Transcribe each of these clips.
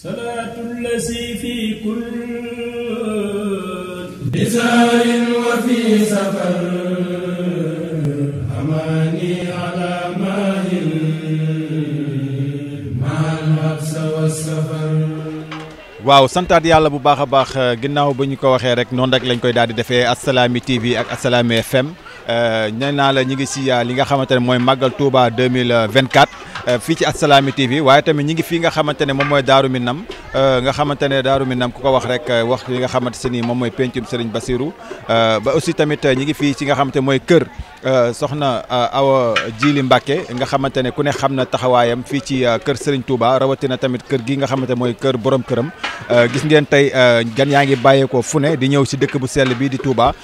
salaatu llazi fi kulli bisaarin wa fi safar amaani ala maahin waaw santaat yàlla bu baax a baax ginnaaw ba ñu ko waxee rek noonu rek lañ koy daal di defee Assalaamy TV ak Assalaamy FM Euh, nee naa la ñu ngi si euh, li nga xamante ne mooy màggal Touba 2024 euh, fii ci Assalaamy TV waaye tamit ñi ngi fii nga xamante ne moom mooy Daaru nam nga xamante ne Daaru Minam ku ko wax rek wax li nga xamante se ni moom mooy pencum Serigne Bassirou ba aussi tamit ñi ngi fii ci nga xamante mooy kër soxna Awa Djili Mbacke nga xamante ne ku ne xam na taxawaayam fii ci kër Serigne Touba rawatina tamit kër gi nga xamante mooy kër borom këram gis ngeen tey gan yaa ngi bàyyeekoo fu ne di ñëw si dëkk bu sell bi di Touba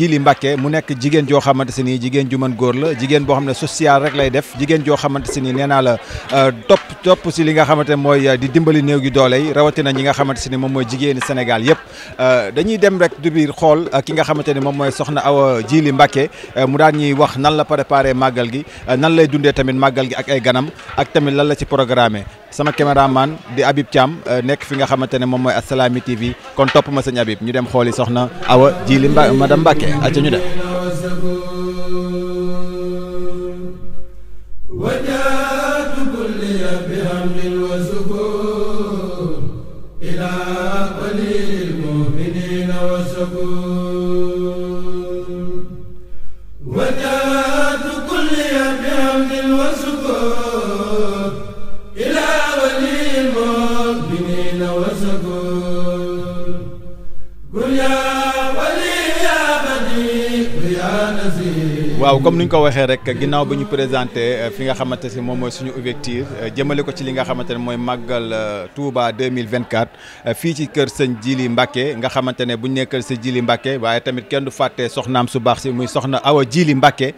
Jili Mbacke mu nekk jigéen joo xamante se nii jigéen ju mën góor la jigéen boo xam ne social rek lay def jigéen joo xamante se nii nee naa la euh, topp topp si li nga xamante mooy euh, di dimbali néew gi doole yi rawatina ñi nga xamante se moom mooy jigéeni Sénégal yëpp euh, dañuy dem rek du biir xool ki nga xamante ni moom mooy soxna Awa jiili Mbacke mu daan ñuy wax nan la préparé màggal gi nan lay dundee tamit màggal gi ak ay ganam ak tamit lan la ci programme sama caméraman di Habib Thiam nekk fi nga xamante ne moom mooy Assalaamy TV kon topp ma sëñ ñu dem xooli soxna Awa aca ñu dem وجاءت كل بحمد وسكون waaw comme ni ñu ko waxee rek ginnaaw ba ñu présenté euh, fi nga xamante si moom mooy suñu ouverture euh, jëmale ko ci li nga xamante ne mooy màggal euh, Touba 2024 fii ci kër sëñ Jili Mbacke nga xamante ne bu ñu nee Jili Mbacke waaye tamit kenn du fàtte soxnaam su baax si muy soxna Awa jiili Mbacke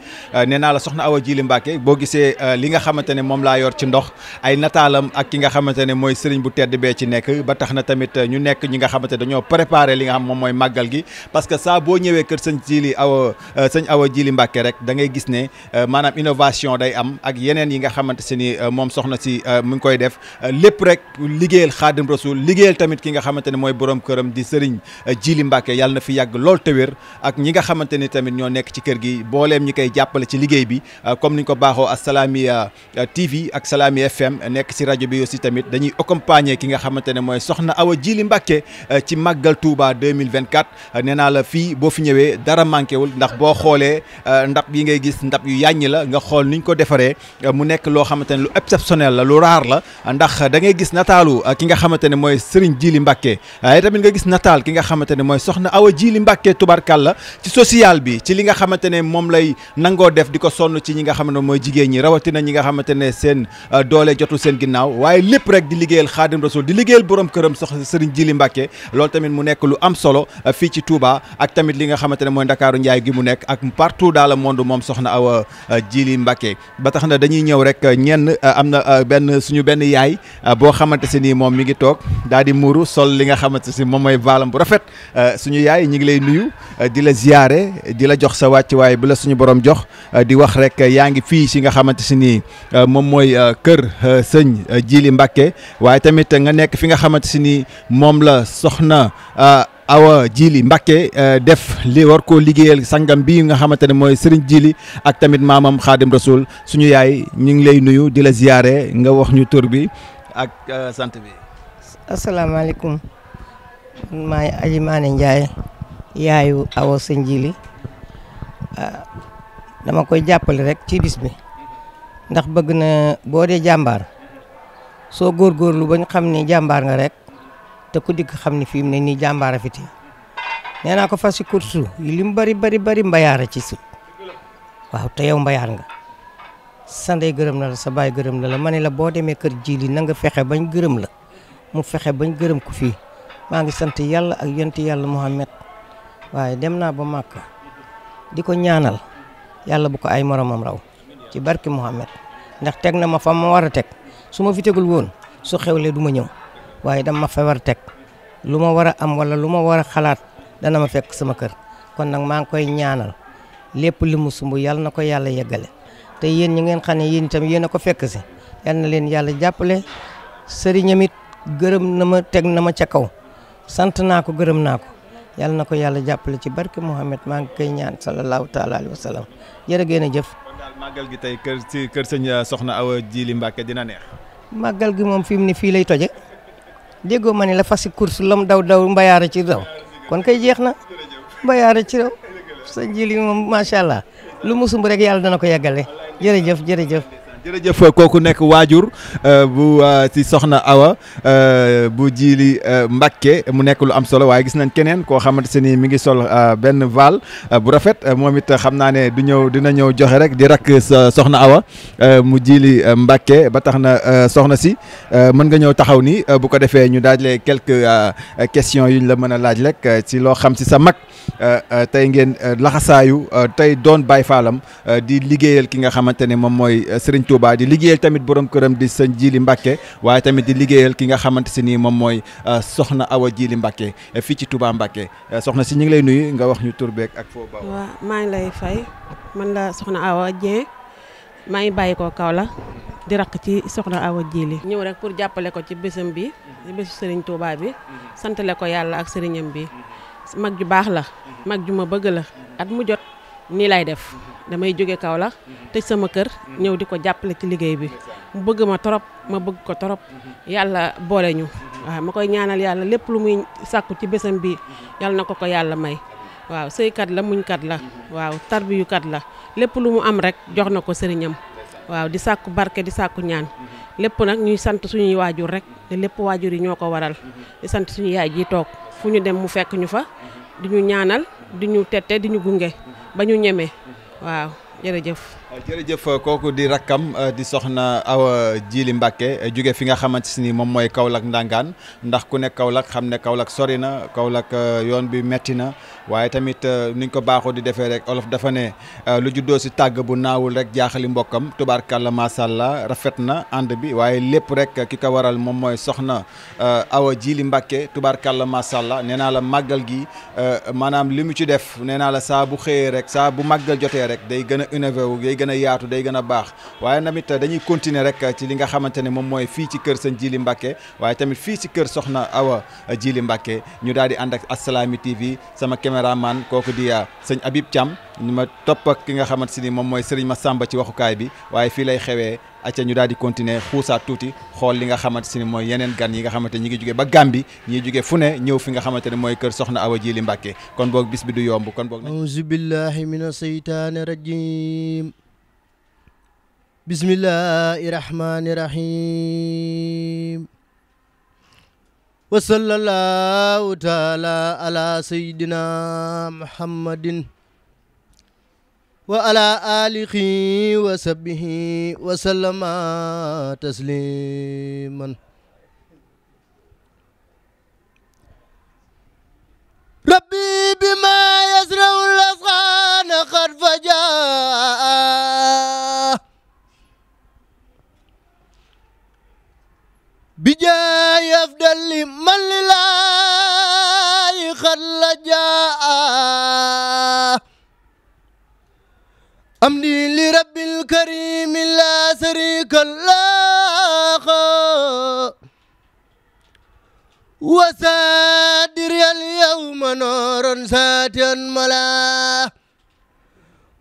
nee naa la soxna Awa Jili Mbacke boo gisee li nga xamante ne moom laa yor ci ndox ay nataalam ak ki nga xamante ne mooy sëriñ bu tedd bee ci nekk ba tax na tamit ñu nekk ñi nga xamante dañoo préparé li nga xam moom mooy màggal gi parce que saa boo ñëwee kër sëñ Jili Awa sëñ Awa Jili Mbacke rek rek da ngay gis ne euh, maanaam innovation day am ak yeneen yi nga xamante se ni euh, moom soxna si euh, mu ngi koy def lépp rek liggéeyal xaadim rasul liggéeyal tamit ki nga xamante ne mooy borom këram di sëriñ Jili Mbàkke yàlla fi yàgg lool te wér ak ñi nga xamante ni tamit ñoo nekk ci kër gi booleem ñi koy jàppale ci liggéey bi comme ni ñu ko baaxoo Assalaamy TV ak Assalaamy FM nekk si rajo bi aussi tamit dañuy accompagner ki nga xamante ne mooy soxna Awa Jili Mbàkke ci màggal Touba 2024 nee naa la fii boo fi ñëwee dara manqué wul ndax boo xoolee ndab yi ngay gis ndab yu yàññi la nga xool niñ ko defaree euh, mu nekk loo xamante ne lu exceptionnel la lu raar la ndax dangay ngay gis nataalu euh, ki nga xamante ne mooy Serigne Djily Mbacké waaye euh, tamit nga gis nataal ki nga xamante ne mooy soxna Awa Djily Mbacké tubarkalla ci social bi ci li nga xamante ne moom lay nangoo def di ko sonn ci ñi nga xam ne mooy jigéen ñi rawatina ñi nga xamante ne seen doole jotul seen ginnaaw waaye lépp rek di liggéeyal Xaadim Rasul di liggéeyal boroom këram soxna Serigne Djily Mbacké loolu tamit mu nekk lu am solo fii ci Touba ak tamit li nga xamante ne mooy Ndakaaru Njaay mu nekk monde moom soxna Awa euh, Jili Mbacke ba tax na dañuy ñëw rek euh, ñenn euh, am na benn suñu benn yaay boo xamante si nii moom mi ngi toog daal di muuru sol li nga xamante si moom mooy vaalam bu rafet suñu yaay ñi ngi lay nuyu di la ziyaare di la jox sa wàcc wàccuwaay bu la suñu borom jox di wax rek yaa ngi fii si nga xamante si nii moom mooy kër sëñ Jili Mbacke waaye tamit nga nekk fi nga xamante si nii moom la soxna awa jili Mbacke euh, def li war koo liggéeyal sangam bi nga xamante ne mooy Serigne Jili ak tamit maamam Khadim Rasoul suñu yaay ñu ngi lay nuyu di la ziyaare nga wax ñu tur bi ak euh, sant bi. asalaamaaleykum maay Aji Maane Ndiaye yaayu awa Serigne Jili euh, dama koy jàppale rek ci bis bi ndax bëgg na boo dee jàmbaar soo góor góorgóorlu ba ñu xam ni jàmbaar nga rek. te ku dikk xam ne fii mu ne nii jàmbaara fi tee nee naa ko fas si kursu yi li mu bari bari bari mbayaara ci sut waaw te yow mbayaar nga sa gërëm na la sa baay gërëm na la ma ne la boo demee kër jiili na nga fexe bañ gërëm la mu fexe bañ gërëm ku fii maa ngi sant yàlla ak yonti yàlla Muhammad waaye dem naa ba Màkka di ko ñaanal yàlla bu ko ay moromam raw ci barke Muhammad ndax teg na ma fa ma war a teg su ma fi tegul woon su xewlee du ma ñëw waaye dama ma feebar teg lu ma war a am wala lu ma war a xalaat dana ma fekk sama kër kon nag maa ngi koy ñaanal lépp li mu sumb yàlla na ko yàlla yeggale te yéen ñi ngeen xam ne yéen itam yéen a ko fekk si yal na leen yàlla jàppale sëriñam it gërëm na ma teg na ma ca kaw sant naa ko gërëm naa ko yàlla na ko yàlla jàppale ci barke Mouhamed maa ngi koy ñaan sallallahu taala alayhi wa sallam jërë ngeen a jëf. màggal gi tey kër sëñ Soxna aw Jili Mbacke dina neex. màggal déggoo ma ne la fasi course lam daw daw mbayaara ci daw kon kay jeex na mbayaara ci daw sa jili moom macha allah lu mu sumb rek yàlla dana ko yàggale jërëjëf jërëjëf jërëjëf kooku nekk waajur euh, bu si euh, soxna Awa euh, bu Jili Mbacke mu nekk lu am solo waaye gis nañ keneen koo xamante ni mi ngi sol benn val bu rafet moom it xam naa ne du ñëw dina ñëw joxe rek di rakk soxna Awa mu Jili Mbacke ba tax na soxna si mën nga ñëw taxaw ni bu ko defee ñu daaj lee quelques questions ñu la mën a laaj rek ci loo xam si sa mag. Euh, euh, tey ngeen euh, laxasaayu tey doon Baay Faalam di liggéeyal ki nga xamante ne moom mooy Serigne Touba di liggéeyal tamit boroom këram di sëñ Jili Mbacke waaye tamit di liggéeyal ki nga xamante si nii moom mooy soxna Awa Jili Mbacke fii ci Touba Mbacke soxna si ñu ngi lay nuyu nga wax ñu tur ak foo baax. waaw maa ngi lay fay man la soxna Awa Dieng maa ngi bàyyi ko kaw la di rakk ci soxna Awa Jili ñëw rek pour jàppale ko ci bésam bi ci bésu bi mm-hmm. santale ko yàlla ak bi mm-hmm. mag ju baax la mhm. mag ju ma bëgg la mhm. at mu jot nii lay def mhm. damay jóge kaw la tëj sama kër ñëw di ko jàppale ci liggéey bi mu bëgg ma torop ma bëgg ko torop yàlla boole ñu waa ma koy ñaanal yàlla lépp lu muy sàkku ci bésam bi yàlla na ko ko yàlla may waaw sëykat la muñkat la waaw tarbiyukat la lépp lu mu am rek jox na ko sëriñam waaw di sàkku barke di sàkku ñaan lépp nag ñuy sant suñuy waajur rek te lépp waajur yi ñoo ko waral di sant suñu yaay fu ñu dem mu fekk ñu fa di ñu ñaanal di ñu tette di ñu gunge ba ñu ñeme waaw jërëjëf Euh, jërëjëf euh, kooku di rakkam euh, di soxna Awa Jili Mbàkke jóge fi nga xamante ni moom mooy Kaolack ndàngaan ndax ku ne Kaolack xam ne Kaolack sori na Kaolack yoon bi metti na waaye tamit niñ ko baaxoo di defee rek olof dafa ne lu juddoo si tàgg bu naawul rek jaaxali mbokkam tubaarkàlla macha allah rafet na ànd bi waaye lépp rek ki ko waral moom mooy soxna Awa Jili Mbàkke tubaarkàlla macha allah nee naa la màggal gi maanaam li mu ci def nee naa la saa bu xëyee rek saa bu màggal jotee rek day gën a innové gën a yaatu day gën a baax waaye tamit dañuy continuer rek ci li nga xamante ne moom mooy fii ci kër sëñ Jili Mbàkke waaye tamit fii ci kër soxna Awa Jili Mbàkke ñu daal di ànd ak Assalaamy TV sama man kooku di ah, sëñ Habib Thiam ñu ma topp ak ki nga xamante ni moom mooy ma Massamba ci waxukaay bi waaye fii lay xewee acca ñu daal di continuer xuusaat tuuti xool li nga xamante si ni mooy yeneen gan yi nga xamante ñi ngi jóge ba Gàmbi ñi jóge fu ne ñëw fi nga xamante ne mooy kër soxna Awa Jili Mbàkke kon boog bis bi du yomb kon boog bismillahi rahmani rahim wa sallallahu taala ala sayyidina muhammadin wa ala alihi wa sahbihi wa sallama tasliman rabbi bima yasra'u al-asqana qad fajaa الأفضل لمن لله قد لجاء أمني لرب الكريم لا شريك له وسادر اليوم نورا ساتيا ملا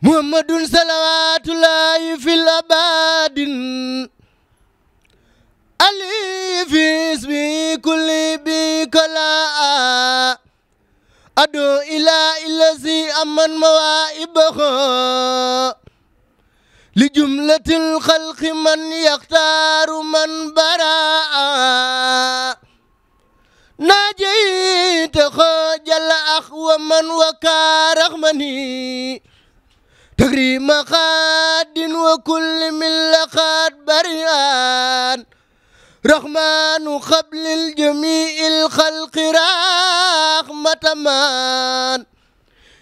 محمد صلوات الله في الأباد لي في اسمي كل بك لا أدعو إلى الذي أمن موائبه لجملة الخلق من يختار من براء ناجيت خجل أخ ومن وكارغمني تغريم قاد وكل من لقد بريان رحمن قبل الجميع الخلق رحمة من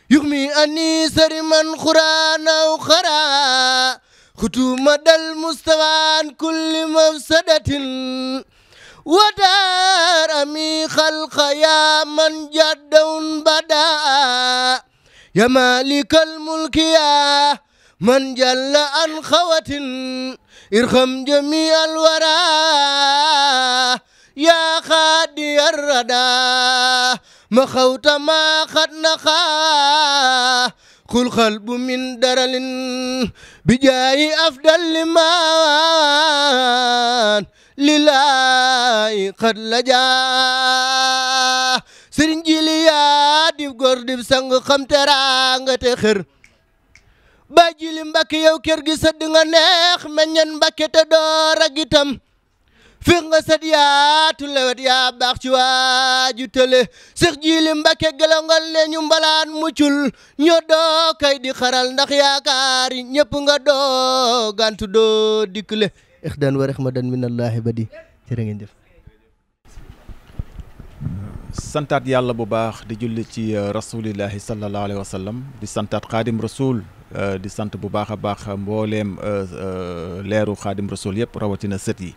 يغمي أني سر من قرآن أو خرا ختومة المستوى عن كل مفسدة ودار أمي خلق يا من جد بدا يا مالك الملك يا من جل عن خوة ارحم جميع الورى يا خادي الردى ما خوت ما قد نخا كل قلب من درل بجاي أفضل لمن لله قد لجا سرنجي ليا ديب غور ديب سانغ خم ترانغ تخر baa jili mbàkke yow kër gi sëdd nga neex meññeen mbàkke te door ak itam fiix nga sët yaatu lewet yaa baax ci waaju tële sëx jili mbàkke gelongal ne ñu mbalaan muccul ñoo doo di xaral ndax yaakaar yi ñëpp nga doo gantu doo dikkle ixdaan wa rahmadan minallaahi ba di jërë ngeen jëf yàlla bu baax di julli ci uh, rasulillahi sallallahu alayhi Euh, di sant bu baax a baax mbooleem euh, euh, leeru xaadim rasul yëpp rawatina set yi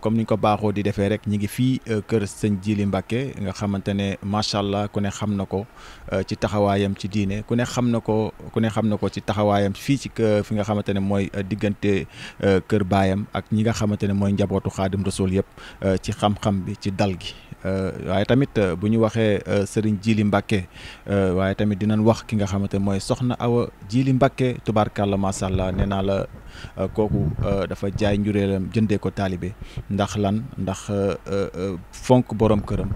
comme ni ñu ko baaxoo di defee rek ñi ngi fii kër sëñ Jili Mbàkke nga xamante ne macha allah ku ne xam na ko ci taxawaayam ci diine ku ne xam na ko ku ne xam na ko ci taxawaayam fii ci fi nga xamante ne mooy diggante kër baayam ak ñi nga xamante ne mooy njabootu xaadim rasul yëpp ci xam-xam bi ci dal gi Euh, waaye tamit euh, bu ñu waxee euh, sëriñ Jili Mbacke waaye tamit dinañ wax ki nga xamante mooy soxna Awa Jili Mbacke tubaarkàlla macha allah nee naa la kooku dafa jaay njureelam jëndee ko taalibe ndax lan ndax fonk borom këram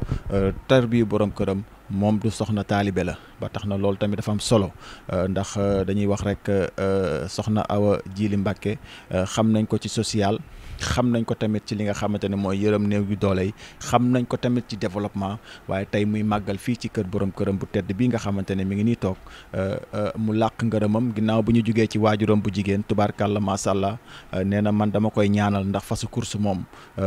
tar bi borom këram. moom du soxna taalibe la ba tax na loolu tamit dafa am solo ndax dañuy wax rek soxna Awa Jili Mbàkke xam nañ ko ci social xam nañ ko tamit ci li nga xamante ne mooy yërëm néew yu doole yi xam nañ ko tamit ci développement waaye tey muy màggal fii ci kër borom këram bu tedd bi nga xamante ne mi ngi nii toog euh, euh, mu làq ngërëmam ginnaaw bu ñu jugee ci waajuram bu jigéen tubaarkàlla macha allah euh, nee na man dama koy ñaanal ndax fasu course moom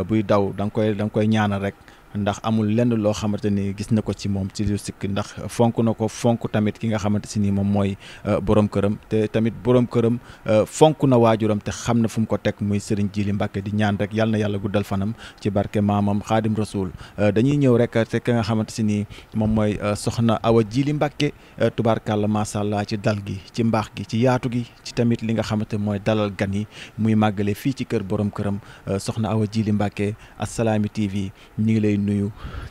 buy daw da nga koy da nga koy ñaanal rek ndax amul lenn loo xamante ni gis na ko ci moom ci lu sikk ndax fonk na ko fonk tamit ki nga xamante si nii moom mooy euh, borom këram te tamit boroom këram euh, fonk na waajuram te xam na fu mu ko teg muy Serigne Djily Mbacké di ñaan rek yal na yàlla fanam ci barke maamam Xaadim Rasul euh, dañuy ñëw rek te ki nga xamante si nii moom mooy soxna Awa Djily Mbacké tubaarkàlla macha allah ci dal gi ci mbaax gi ci yaatu gi ci tamit li nga xamante mooy dalal gan yi muy màggale fii ci kër borom këram soxna Awa Djily Mbacké Assalaamy TV ñu ngi lay nuyu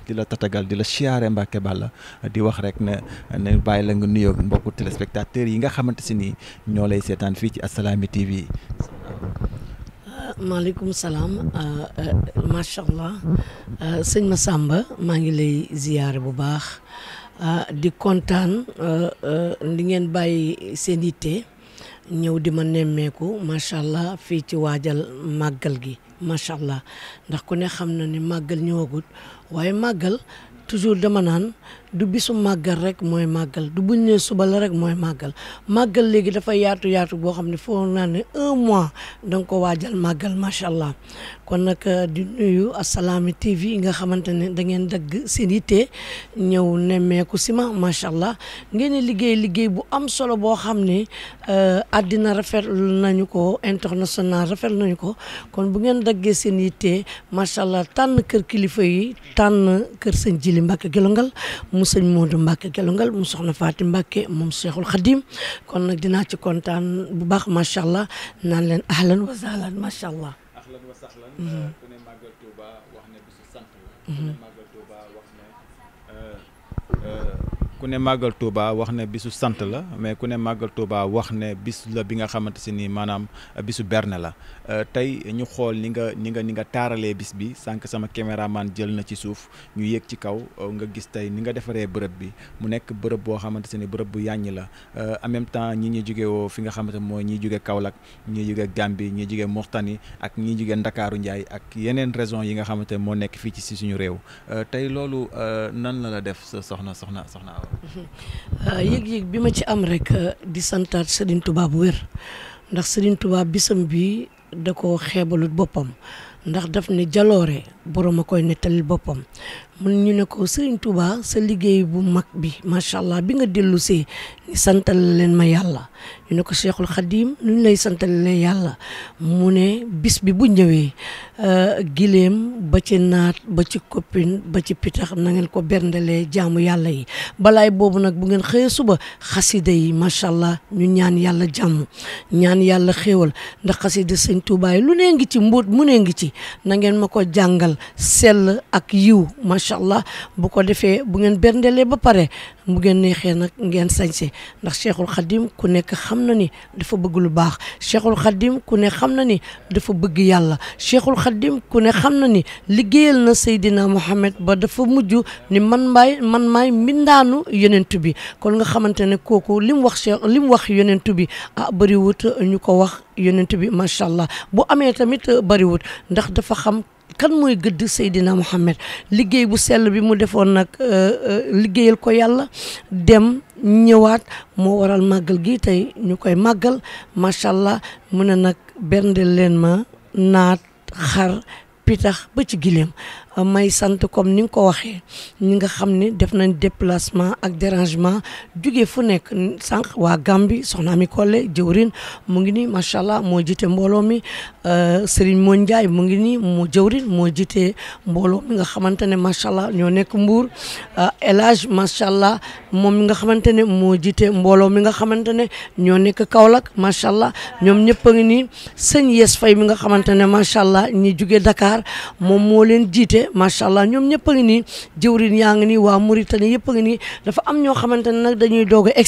di la tatagal di la siyaare Mbàkke Bàlla di wax rek ne ne bàyyi la nga nuyoo mbokku téléspectateurs yi nga xamante si nii ñoo lay seetaan fii ci Assalaamy TV. Ah, maaleykum salaam ah, ah, macha allah sëñ sàmba maa ngi lay ziyaare bu baax di kontaan li ngeen bàyyi seen yitte. ñëw di ma nemmeeku macha allah fii ci waajal màggal gi macha allah ndax ku ne xam na ni màggal ñëwagut waaye màggal toujours dama naan du bisu màggal rek mooy màggal du buñ ne suba la rek mooy màggal màggal léegi dafa yaatu yaatu boo xam ne foo naa ne un mois danga ko waajal màggal macha allah kon nag euh, di nuyu Assalaamy TV nga xamante ne da ngeen dagg seen yitte ñëw nemmeeku si ma macha allah ngeen di liggéey liggéey bu am solo boo xam ne euh, àddina rafetlu nañu ko international rafet nañu ko kon bu ngeen daggee seen yitte macha allah tànn kër kilifa yi tànn kër sëñ Jili Mbàkke Gelongal mu sëñ Modou Mbacke Gelongal mu soxna Faati Mbacke moom Cheikhul Khadim kon nag dinaa ci kontaan bu baax macha allah naan leen ahlan wa sahlan macha allah. ahlan wa sahlan. Mhm. ku ne màggal ku ne màggal Touba wax ne bisu sant la mais ku ne màggal Touba wax ne bis la bi nga xamante si ni maanaam bisu berne la euh, tey ñu xool ni nga ni nga ni nga taaralee bis bi sànq sama caméraman jël na ci suuf ñu yéeg ci kaw euh, nga gis tey ni nga defaree bërëb bi mu nekk bërëb boo xamante si ni bërëb bu yàññ la euh, en même temps ñi ñuy jóge woo fi nga xamante mooy ñiy jóge Kaolack ñi jóge Gambie ñi jóge Mauritanie ak ñi jóge Ndakaaru Njaay ak yeneen raison yi nga xamante moo nekk fii ci si suñu réew tey loolu nan la def sa soxna soxna soxna Euh, yëg-yëg bi ma ci am rek euh, di santaat Serigne tubaab bu wér ndax Serigne Touba bisam bi da ko xeebalut boppam ndax daf ne jaloore borom a koy nettalil boppam mun ñu ne ko Serigne Touba sa liggéey bu mag bi macha allah bi nga dellu see ni santal leen ma yàlla ñu ne ko Cheikhul Khadim nu ñu lay santalee yàlla mu ne bis bi bu ñëwee euh, gileem ba ci naat ba ci koppin ba ci pitax na ngeen ko berndelee jaamu yàlla yi balaay boobu nag bu ngeen xëyee suba xasida yi macha allah ñu ñaan yàlla jàmm ñaan yàlla xéewal ndax xasida Sëñ Touba yi lu nee ngi ci mbóot mu ne ngi ci na ma ko jàngal sell ak yiw incha allah bu ko defee bu ngeen berndelee ba pare bu ngeen neexee nag ngeen sañse ndax cheikhul xadim ku nekk xam na ni dafa bëgg lu baax cheikhul xadim ku ne xam na ni dafa bëgg yàlla cheikhul xadim ku ne xam na ni liggéeyal na Seydina Mohamed ba dafa mujj ni man maay man maay mbindaanu yonent bi kon nga xamante ne kooku li mu wax cheikh li mu wax yonent bi ah ñu ko wax yonent bi macha allah bu amee tamit bëriwut ndax dafa xam kan mooy gëdd Seydina Muhammad liggéey bu sell bi mu defoon nag euh, euh, liggéeyal ko yàlla dem ñëwaat moo waral màggal gi tey ñu koy màggal macha allah mu ne nag berndeel leen ma naat xar pitax ba gileem may sant comme ni nga ko waxee ñi nga xam ne def nañ déplacement ak dérangement juge fu nekk sànq waa Gambie soxna Ami Collé jëwrin mu ngi nii macha allah moo jite mbooloo mi euh, Serigne Mo mu ngi nii moo jëwrin moo jiite mbooloo mi nga xamante ne macha allah ñoo nekk mbuur euh, El Hadj macha allah moom nga xamante ne moo jiite mbooloo mi nga xamante ne ñoo nekk Kaolack macha allah ñoom ñëpp a nii sëñ Yes Faye mi nga xamante ne macha allah ñi jugee Dakar moom moo leen jiite. macha allah ñoom ñëpp a ngi nii jëwrin yaa ngi nii waa Mauritanie yëpp a nii dafa am ñoo xamante ne nag dañuy doog a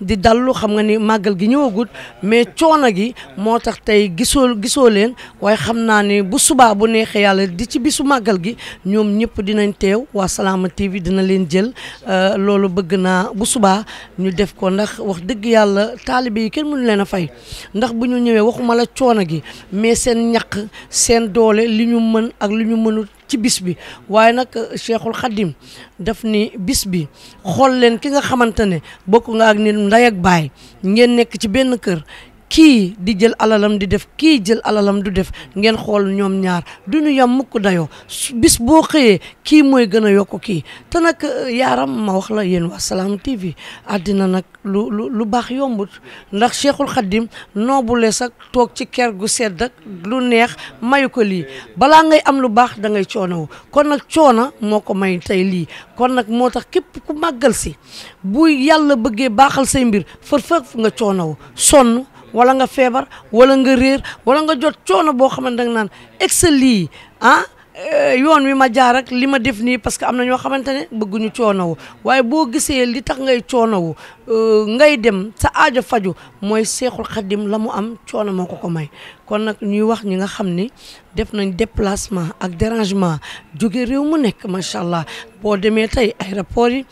di dallu xam nga ni màggal gi ñëwagut mais coono gi moo tax tey gisoo gisoo leen waaye xam naa ne bu subaa bu neexee yàlla di ci bisu màggal gi ñoom ñëpp dinañ teew waa Salaama TV dina leen jël euh, loolu bëgg naa bu subaa ñu def ko ndax wax dëgg yàlla taalibe yi kenn mënu leen a fay ndax bu ñu ñëwee waxuma la coono gi mais seen ñaq seen doole li ñu mën ak li ñu mënut ci bis bi waaye nag eh, cheikhul xadim daf ni bis bi xool leen ki nga xamante ne bokk nga ak nit nday ak baay ngeen nekk ci benn kër kii di jël alalam di def kii jël alalam du def ngeen xool ñoom ñaar du ñu yam mukk dayoo bis boo xëyee kii mooy gën a yokku kii te nag euh, yaram ma wax la yéen waa Salaam TV àddina nag lu lu lu baax yombut ndax Cheikhul Khadim noobule sax toog ci ker gu sedd ak lu neex may ko lii bala ngay am lu baax da ngay coono kon nag coona moo ko may tey lii kon nag moo tax képp ku màggal si bu yàlla bëggee baaxal say mbir fër fër nga coono sonn wala nga feebar wala nga réer wala nga jot coono boo xam ne danga naan excel lii ah eh, yoon wi ma jaarak ak li ma def nii parce que am na ñoo xamante ne bëgguñu coonowu waaye boo gisee li tax ngay coonowu eh, ngay dem sa aajo faju mooy seexul xadim la mu am coono moo ko ko may kon nag ñuy wax ñi nga xam ni def nañ déplacement ak dérangement jóge réew mu nekk macha allah boo demee tey aéroport yi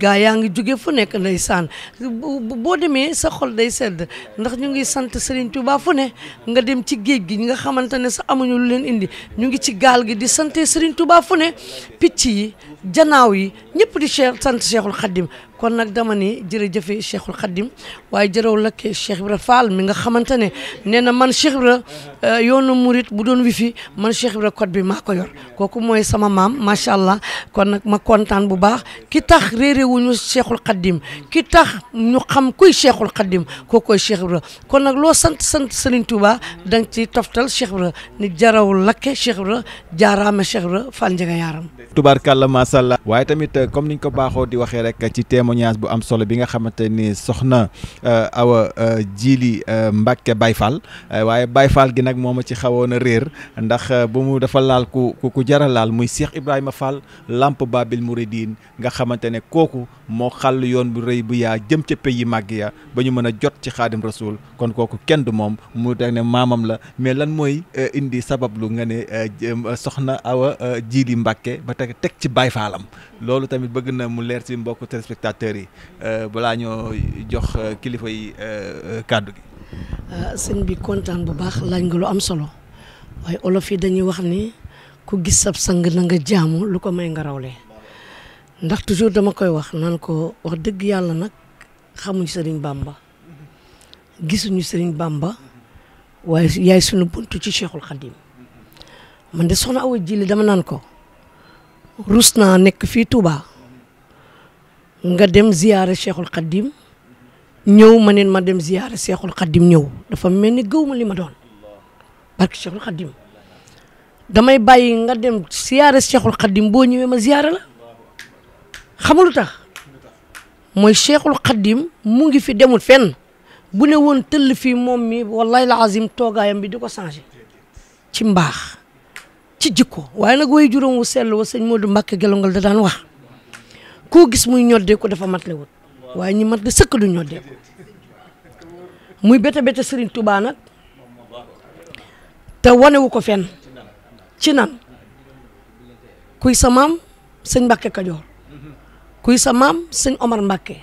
gaa yaa ngi jóge fu nekk ndeysaan boo demee sa xol day sedd ndax ñu ngi sant Serigne Touba fu ne nga dem ci géej gi ñi nga xamante ne sa amuñu lu leen indi ñu ngi ci gaal gi di sante Serigne Touba fu ne picc yi janaaw yi ñëpp di cheikh sant Cheikhul Khadim kon nag dama ni jërëjëfe cheikhul xaddim waaye jërëw lakke cheikh Ibra Fall mi nga xamante ne nee na man cheikh Ibra euh, yoonu murit bu doon wifi man cheikh Ibra code bi maa ko yor kooku mooy sama maam macha allah kon nag ma kontaan bu baax ki tax réeré wuñu cheikhul xaddim ki tax ñu xam kuy cheikhul xaddim kookooy cheikh Ibra kon nag loo sant sant Serigne Touba da nga ci toftal cheikh Ibra ni jaraw lakke cheikh Ibra jaaraama cheikh Ibra Fall njëga yaaram tubaarkàlla macha allah waaye tamit euh, comme niñ ko baaxoo di waxee rek ci teem témoignage bu am solo bi nga xamante ni soxna euh, Awa euh, Jili euh, Mbacke Baye Fall waaye Baye Fall gi nag moom ma ci xawoon a réer ndax bu mu dafa laal ku ku jara laal muy Cheikh Ibrahima Fall Lamp Babil Mouridine nga xamante ne kooku moo xàll yoon bu rëy bu yaa jëm ca pays yi màgg ya ba ñu mën a jot ci xaadim rasul kon kooku kenn du moom mu teg maamam la mais lan mooy indi sabablu nga ne soxna Awa Jili Mbacke ba teg teg ci Baye loolu tamit bëgg na mu leer ci mbokku téléspectateurs yi euh, balaa ñoo jox euh, kilifay yi euh, kàddu gi. sëñ bi kontaan bu baax laaj nga lu am solo waaye olof yi dañuy wax ni ku gis sab sang na nga jaamu lu ko may nga rawle ndax toujours dama koy wax naan ko wax dëgg yàlla nag xamuñu sëriñ Bamba gisuñu sëriñ Bamba waaye yaay suñu buntu ci Cheikhul Khadim man de soxna Awa Jili dama naan ko rus naa nekk fii Touba. nga dem ziyaare Cheikhul Khadim ñëw ma neen ma dem ziyaare Cheikhul Khadim ñëw dafa mel ni gëw ma li ma doon barke Cheikhul Khadim damay bàyyi nga dem ziyaare Cheikhul Khadim boo ñëwee ma ziyaare la xamul lu tax mooy Cheikhul Khadim mu ngi fi demul fenn bu ne woon tël fii moom mi wallahi la toogaayam bi di ko changé ci mbaax ci jikko waaye nag way juróom wu sell wa sëñ Modou Mbacke Gelongal da daan wax koo gis muy ñoddee ko dafa mat la wut waaye ñi mat la sëkk du ñoddee ko muy bete bete Serigne Touba nag te wanewu ko fenn ci nan kuy sa maam sëñ Mbacke Kajoor kuy sa maam sëñ Omar mbakke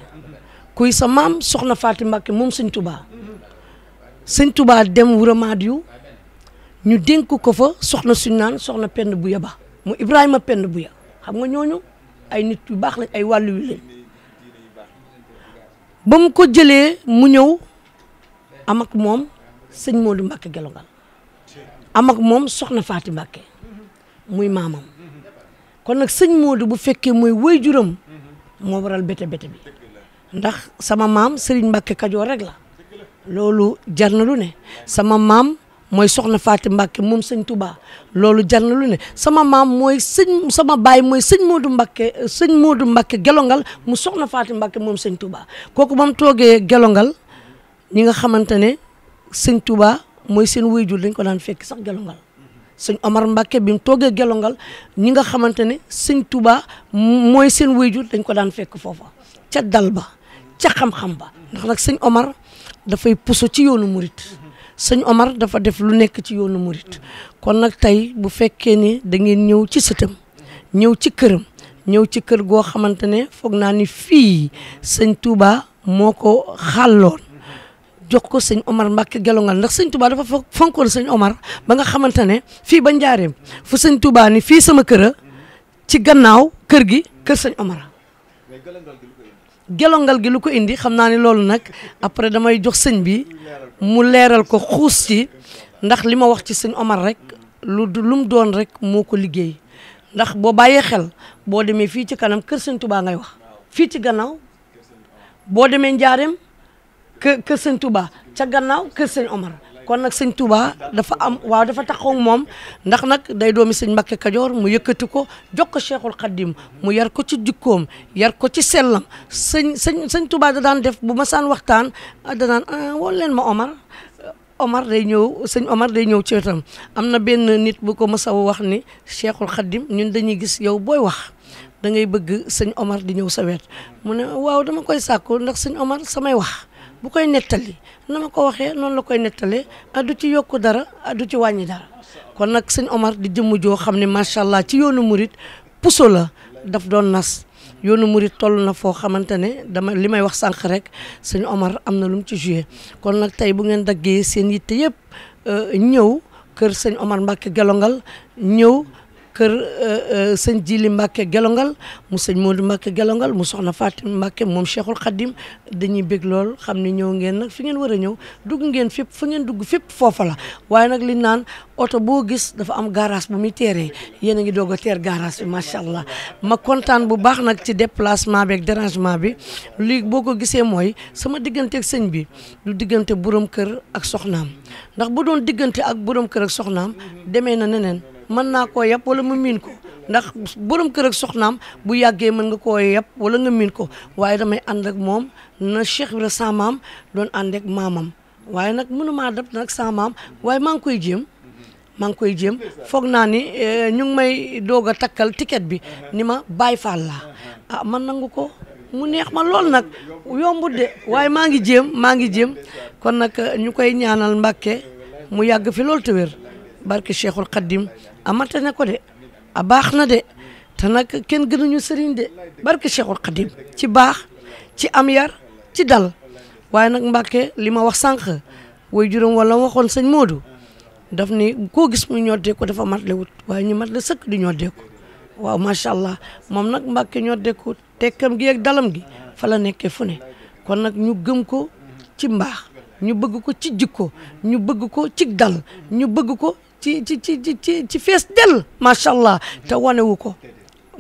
kuy sa maam soxna Faati Mbacke moom sëñ Touba sëñ Touba dem wuramaat yu ñu dénk ko fa soxna suñ naan soxna penn bu ya ba mu Ibrahima penn bu ya xam ñooñu. ay nit yu baax lañ ay wàllu yu lañ ba ko jëlee mu ñëw am moom sëñ Modou Mbacke Gelongal amak moom soxna Faati Mbacke muy maamam kon nag sëñ Modou bu fekkee mooy woy juram moo waral bete bete bi ndax sama maam Serigne mbakke Kajoor rek la loolu jar na lu ne sama maam. mooy soxna Faati Mbàkke moom sëñ Touba loolu jar na lu ne sama maam mooy sëñ sama baay mooy sëñ Moodu mbakke sëñ Moodu Mbàkke gelongal mu soxna Faati Mbàkke moom sëñ Touba kooku ba mu toogee gelongal ñi nga xamante ne sëñ Touba mooy seen waajur dañ ko daan fekk sax gelongal sëñ Omar Mbàkke bi mu toogee gelongal ñi nga xamante ne sëñ Touba mooy seen waajur dañ ko daan fekk foofa ca dal ba ca xam-xam ba ndax nag sëñ Omar dafay puso ci yoonu murit sëñ Omar dafa def lu nekk ci yoonu murit kon nag tey bu fekkee ni dangeen ñëw ci sëtam ñëw ci këram ñëw ci kër goo xamante ne foog naa ni fii sëñ Touba moo ko xàlloon jox ko sëñ Omar Mbacke gelongal ndax sëñ Touba dafa fonkoon sëñ Omar ba nga xamante ne fii ba njaareem fu sëñ Touba ni fii sama kër ci gannaaw kër gi kër sëñ Omar gelongal gi lu ko indi xam naa ne loolu nag après damay jox sëñ bi mu leeral ko xuus ci ndax li ma wax ci sëñ Omar rek lu lum doon rek moo ko liggéey ndax boo bàyyee xel boo demee fii ci kanam kër sëñ Touba ngay wax fii ci gannaaw boo demee Njaareem kër kër sëñ Touba ca gannaaw kër sëñ Omar kon nag sëñ Touba dafa am waaw dafa taxaw moom ndax nag day doomi sëñ Mbakke Kajoor mu yëkkati ko jox ko Cheikhul Khadim mu yar ko ci jukkoom yar ko ci sellam sëñ sëñ sëñ Touba da daan def bu ma saan waxtaan ah, da daan ah, woon leen ma Omar Omar day ñëw sëñ Omar day ñëw ci wetam am na benn nit bu ko mës wax ni Cheikhul Khadim ñun dañuy gis yow booy wax. da ngay bëgg sëñ Omar di ñëw sa wet mu ne waaw dama koy sàkku ndax sëñ Omar samay wax bu koy nettali na ma ko waxee noonu la koy nettalee ah, du ci yokku dara ah, du ci wàññi dara kon nag sëñ Omar di jëmm joo xam ne macha allah ci yoonu murit puso daf doon nas yoonu murit toll na foo xamante ne dama li may wax sànq rek sëñ Omar am na lu mu ci joué kon nag tey bu ngeen daggee seen yitte yëpp euh, ñëw kër sëñ Omar Mbacke Gelongal ñëw. kër euh, euh, sëñ Jili Mbacke Gelongal mu sëñ Modou Mbacke Gelongal mu soxna Fatim Mbacke moom Cheikhul Khadim dañuy bég lool xam ne ñëw ngeen nag fi ngeen war a ñëw dugg ngeen fépp fa ngeen dugg fépp foofa la waaye nag li naan oto boo gis dafa am garage bu muy teeree yéen a ngi doog a teer garage bi macha allah ma kontaan bu baax nag ci déplacement bi ak dérangement bi lii boo ko gisee mooy sama diggante sëñ bi du diggante borom kër ak soxnaam ndax bu doon diggante ak borom kër ak soxnaam demee na neneen mën naa ko yab wala mu miin ko ndax borom kër ak soxnaam bu yàggee mën nga ko yab wala nga miin ko waaye damay ànd ak moom na Cheikh Ibra sa maam doon ànd maamam waaye nag mënumaa dab nag sa waaye maa ngi koy jéem maa ngi koy jéem foog naa ni eh, ñu ngi may doog a takkal ticket bi ni ma Baay Faal a ah, man nangu ko mu neex ma lool nag yombut de waaye maa ngi jéem maa ngi jéem kon nag eh, ñu koy ñaanal Mbàkke mu yàgg fi lool tewer wér barke Cheikhul Khadim a amate na ko de a baax na de te nag kenn gënuñu sëriñ de barke Cheikhul Khadim ci baax ci am yar ci dal waaye nag Mbàkke li ma wax sànq way juróom wala waxoon sëñ Modou daf ni koo gis mu ñoddee ko dafa mat wut waaye ñu mat le sëkk di ñoddee ko waaw macha allah moom nag Mbàkke ñoddee ko tekkam gi ak dalam gi fa la nekkee fu ne kon nag ñu gëm ko ci mbaax ñu bëgg ko ci jikko ñu bëgg ko ci dal ñu bëgg ko ci ci ci ci ci fees del macha allah te wanewu ko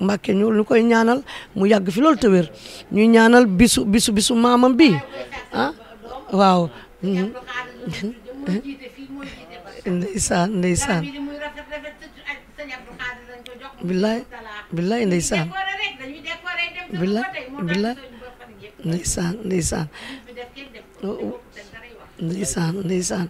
Mbàkke ñu lu koy ñaanal mu yàgg fi loolu te wér ñuy ñaanal bisu bisu maamam bi ah waaw ndeysaan ndeysaan billaay billaay ndeysaan billaay billaay ndeysaan ndeysaan ndeysaan ndeysaan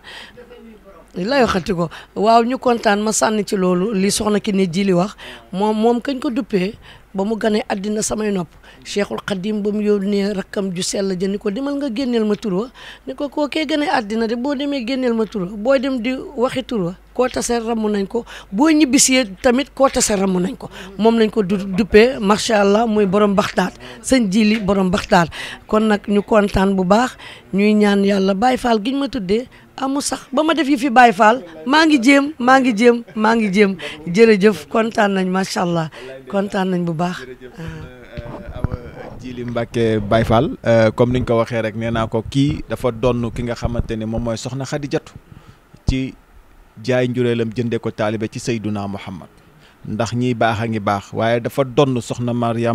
lay waxati ko waaw ñu kontaan ma sànni ci loolu li soxna ki ne jili wax moom moom kañ ko duppee ba mu ganee àddina samay nopp cheikhul xadim ba mu yónnee rakkam ju sell ja ni ko demal nga génneel ma tur wa ni ko koo kee ganee àddina de boo demee génneel ma tur booy dem di waxi tur koo tase ramm nañ ko boo ñibbisee tamit koo tase ramm nañ ko moom nañ ko du duppee macha allah muy borom baxtaat sëñ jili borom baxtaat kon nag ñu kontaan bu baax ñuy ñaan yàlla Baye Fall giñ ma tuddee amu sax ba ma def yi fi Baye Fall maa ngi jéem maa ngi jéem maa ngi jéem jërëjëf kontaan nañ macha allah kontaan nañ bu baax. Jili Mbacke Baye Fall euh, comme ñu ko waxee rek nee naa ko kii dafa donn ki nga xamante ne moom mooy soxna Xadi Jatu ci. jaay njureelam jëndee ko taalibe ci sayduna muhammad ndax ñiy baax a ngi baax waaye dafa donn soxna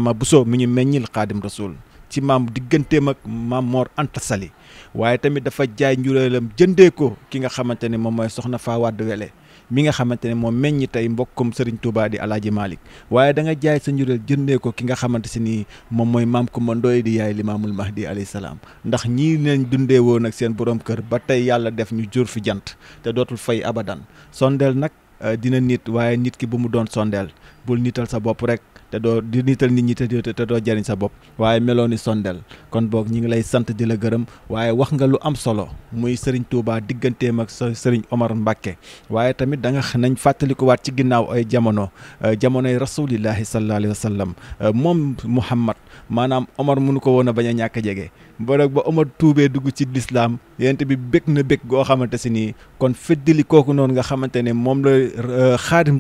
bu Bousso mi ñu meññil xaadim rasul ci maam digganteem ak maam Mor Anta Sali waaye tamit dafa jaay njureelam jëndee ko ki nga xamante ne moom mooy soxna Fawade Wele mi nga xamante ne moom meññi tey mbokkum Serigne Touba di Alaaji Malick waaye da nga jaay sa njureel jëndee ko ki nga xamante si nii moom mooy maam Kumba Ndoye di yaay Limaamul Mahdi alayhi salaam ndax ñii lañ dundee woon ak seen borom kër ba tey yàlla def ñu jur fi jant te dootul fay abadan sondeel nag euh, dina nit waaye nit ki bu mu doon sondeel bul nital sa bopp rek te doo di niital nit ñi te te doo jariñ sa bopp waaye meloo ni sondel kon boog ñi ngi lay sant di la gërëm waaye wax nga lu am solo muy Serigne tuubaa digganteem ak sa Serigne Omar Mbacke waaye tamit danga nga nañ fàttalikuwaat ci ginnaaw ay jamono euh, jamonoy rasulillahi sallallahu alayhi wa sallam euh, moom Muhammad maanaam Omar mënu ko woon a bañ a ñàkk jege ba rek ba Omar tuubee dugg ci lislaam yent bi bég na bég goo xamante si nii kon feddali kooku noonu nga xamante ne moom la euh, xaadim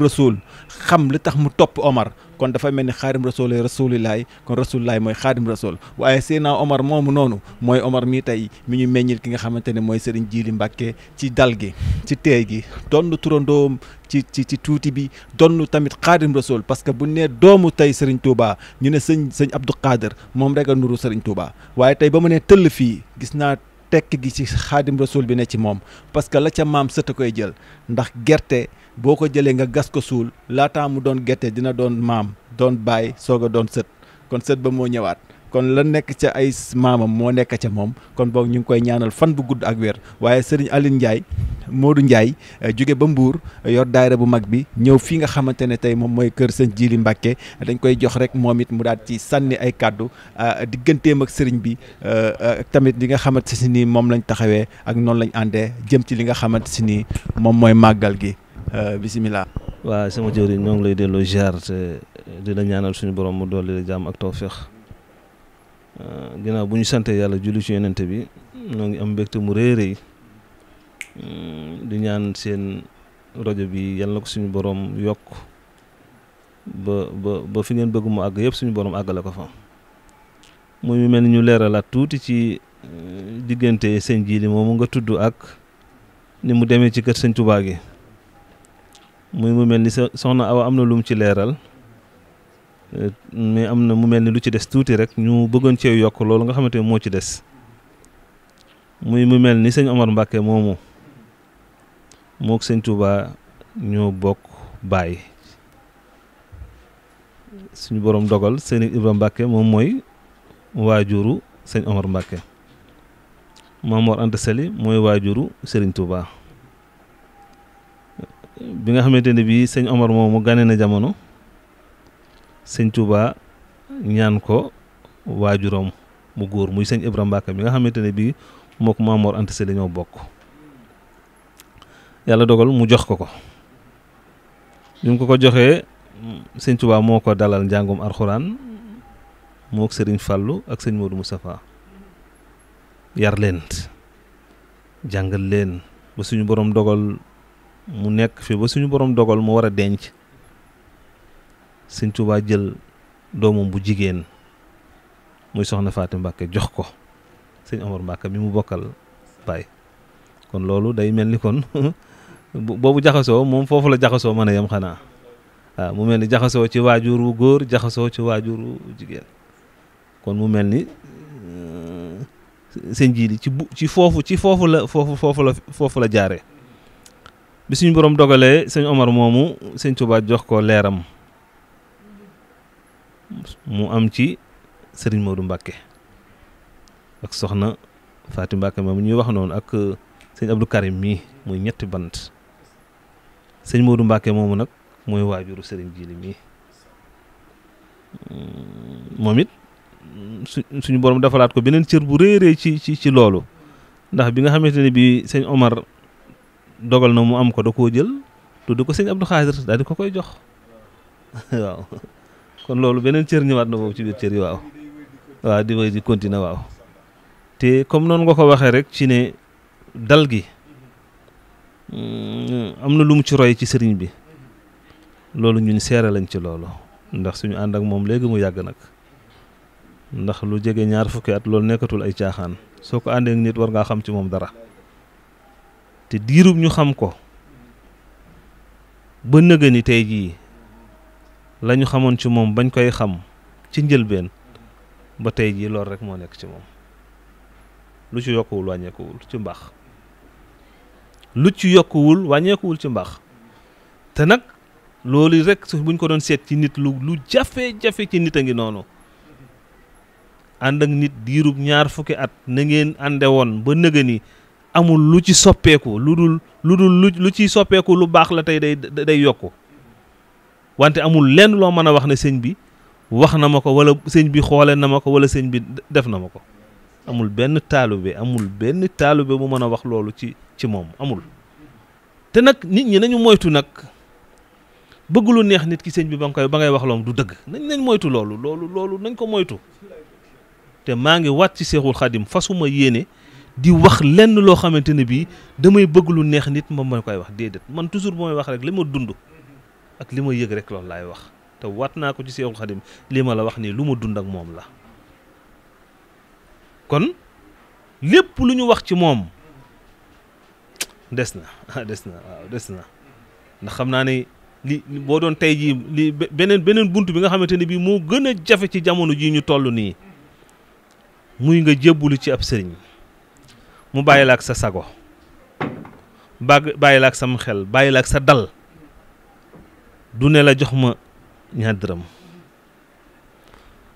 xam li tax mu topp Omar kon dafa mel ni xaadim rasool rasulilaay kon rasulilaay mooy xaadim rasool waaye Seydina Omar moomu noonu mooy Omar mii tey mi ñu meññil ki nga xamante ne mooy Serigne jiili Mbacke ci dal gi ci teey gi donn turandoom ci ci ci tuuti bi donn tamit xaadim rasool parce que bu nee doomu tey sëriñ Touba ñu ne sëñ sëñ Abdou Khader moom rek a nuru Serigne Touba waaye tey ba mu nee tëll fii gis naa tekk gi ci xaadim rasul bi ne ci moom parce que la ca maam sët a koy jël ndax gerte boo ko jëlee nga gas ko suul laataa mu doon gerte dina doon maam doon baay soog a doon sët kon sët ba moo ñëwaat kon la nekk ca ay maamam moo nekk ca moom kon boog ñu ngi koy ñaanal fan bu gudd ak wér waaye sëriñ Aline Ndiaye Modou Ndiaye euh, jóge ba mbuur euh, yor daayira bu mag bi ñëw fii nga xamante ne tey moom mooy kër sëñ jiiri Mbàkke dañ koy jox rek moom it mu daal ci sànni ay kàddu euh, digganteem ak sëriñ bi tamit li nga xamante si nii moom lañ taxawee ak noonu lañ àndee jëm ci li nga xamante si nii moom mooy màggal gi bisimilah. waaw sama jëwriñ ñoo ngi lay delloo ziar te di la ñaanal suñu borom mu dolli la jàmm ak tawféex ginnaaw bu ñu sante yàlla julli ci yonente bi ñoo ngi am mbégte mu rëy rëy Mm, di ñaan seen rajo bi yal na ko suñu boroom yokk ba ba fi ngeen bëgg mu àgg yëpp suñu borom àggale ko fa muy mel ni ñu leeralaat tuuti ci eh, diggante sëñ Jili moomu nga tudd ak ni mu demee ci kër sëñ Tuubaa muy mu mel ni sa soxna aw am na lu mu ci leeral eh, mais am na mu mel ni lu ci des tuuti rek ñu bëggoon cee yokk loolu nga xamante ne moo ci des muy mu mel ni sëñ Omar Mbàkke moomu mook sëñ Touba ñoo bokk baay suñu boroom dogal sëñ Ibra Mbàkke moom mooy waajuru sëñ Omar Mbàkke Mamor Anta mooy waajuru sëriñ Touba bi nga xamante ne bii sëñ Omar moom mu gane na jamono sëñ Touba ñaan ko waajuram mu góor muy sëñ Ibra Mbàkke bi nga xamante ne bii mook Mamor Anta Sali ñoo bokk yàlla dogal mu jox ko ko bi mu ko ko joxee sëñ Tuubaa moo ko dalal njàngum alxuraan moo sëriñ Fàllu ak sëñ Moodu Mustafaa yar leen jàngal leen ba suñu boroom dogal mu nekk fi ba suñu boroom dogal mu war a denc sëñ Tuubaa jël doomam bu jigéen muy soxna Faati Mbàkke jox ko sëñ Omar Mbàkke mi mu bokkal baay kon loolu day mel ni kon boobu jaxasoo moom foofu la jaxasoo mën a yem xanaa waaw mu mel ni jaxasoo ci waajur wu góor jaxasoo ci waajur wu jigéen kon mu mel ni euh, sëñ ji li ci bu ci foofu ci la foofu la foofu la jaaree bi suñu boroom dogalee sëñ Omar moomu sëñ Tuubaa jox ko leeram mu am ci sëriñ Modou Mbacke ak soxna Faati Mbacke moom ñuy wax noonu ak euh, sëñ Abdou Karim mii muy ñetti bant sëñ Modou Mbacke moomu nag mooy waajuru sëriñ Jili mii mm, moom it su suñu borom defalaat ko beneen cër bu rëy rëy ci ci ci loolu ndax bi nga xamante ne bii sëñ Omar dogal na mu am ko da koo jël tudd ko sëñ Abdou Khadir daa di ko koy jox waaw kon loolu beneen cër ñëwaat na boobu ci biir cër waaw waaw di way di continuer waaw te comme noonu nga ko waxee rek ci ne dal gi. Mm, am na lu mu ci roy ci sëriñ bi loolu ñun seere lañ ci loolu ndax suñu ànd ak moom léegi mu yàgg nag ndax lu jege ñaar fukki at loolu nekkatul ay caaxaan soo ko àndee ak nit war ngaa xam ci moom dara te diirub ñu xam ko ba nëga ni tey jii la xamoon ci moom bañ koy xam ci njëlbeen ba tey jii loolu rek moo nekk ci moom lu ci yokkuwul wàññeekuwul ci mbaax lu ci yokkuwul wàññeekuwul ci mbaax te nag loolu rek su buñ ko doon seet ci nit lu lu jafe-jafe ci nit a ngi noonu ànd ak nit diirub ñaar fukki at na ngeen ànde woon ba nëga ni amul lu ci soppeeku lu dul lu dul lu lu ciy soppeeku lu baax la tey day day yokku wante amul lenn loo mën a wax ne sëñ bi wax na ma ko wala sëñ bi xoole na ma ko wala sëñ bi def na ma ko amul benn taalibe amul benn taalibe bu mën a wax loolu ci ci moom amul te nag nit ñi nañu moytu nag bëgg lu neex nit ki sëñ bi ba nga koy ba ngay wax loom du dëgg nañ nañ moytu loolu loolu nañ ko moytu te maa ngi waat ci seexul xadim fasuma yéene di wax lenn loo xamante ne bii damay bëgg lu neex nit moom ma koy wax déedéet man toujours bu may wax rek li ma dund ak li ma yëg rek loolu laay wax te waat naa ko ci seexul xadim li ma la wax nii lu ma dund ak moom la kon lépp lu ñu wax ci moom des na ah, des na waaw des na ndax xam naa ni li boo doon tey jii li beneen beneen bunt bi nga xamante ne bii moo gën a jafe ci jamono jii ñu toll nii muy nga jébbulu ci ab sëriñ mu bàyyi la ak sa sago bàgg bàyyi la ak sam xel bàyyi la ak sa dal du ne la jox ma ñaar dërëm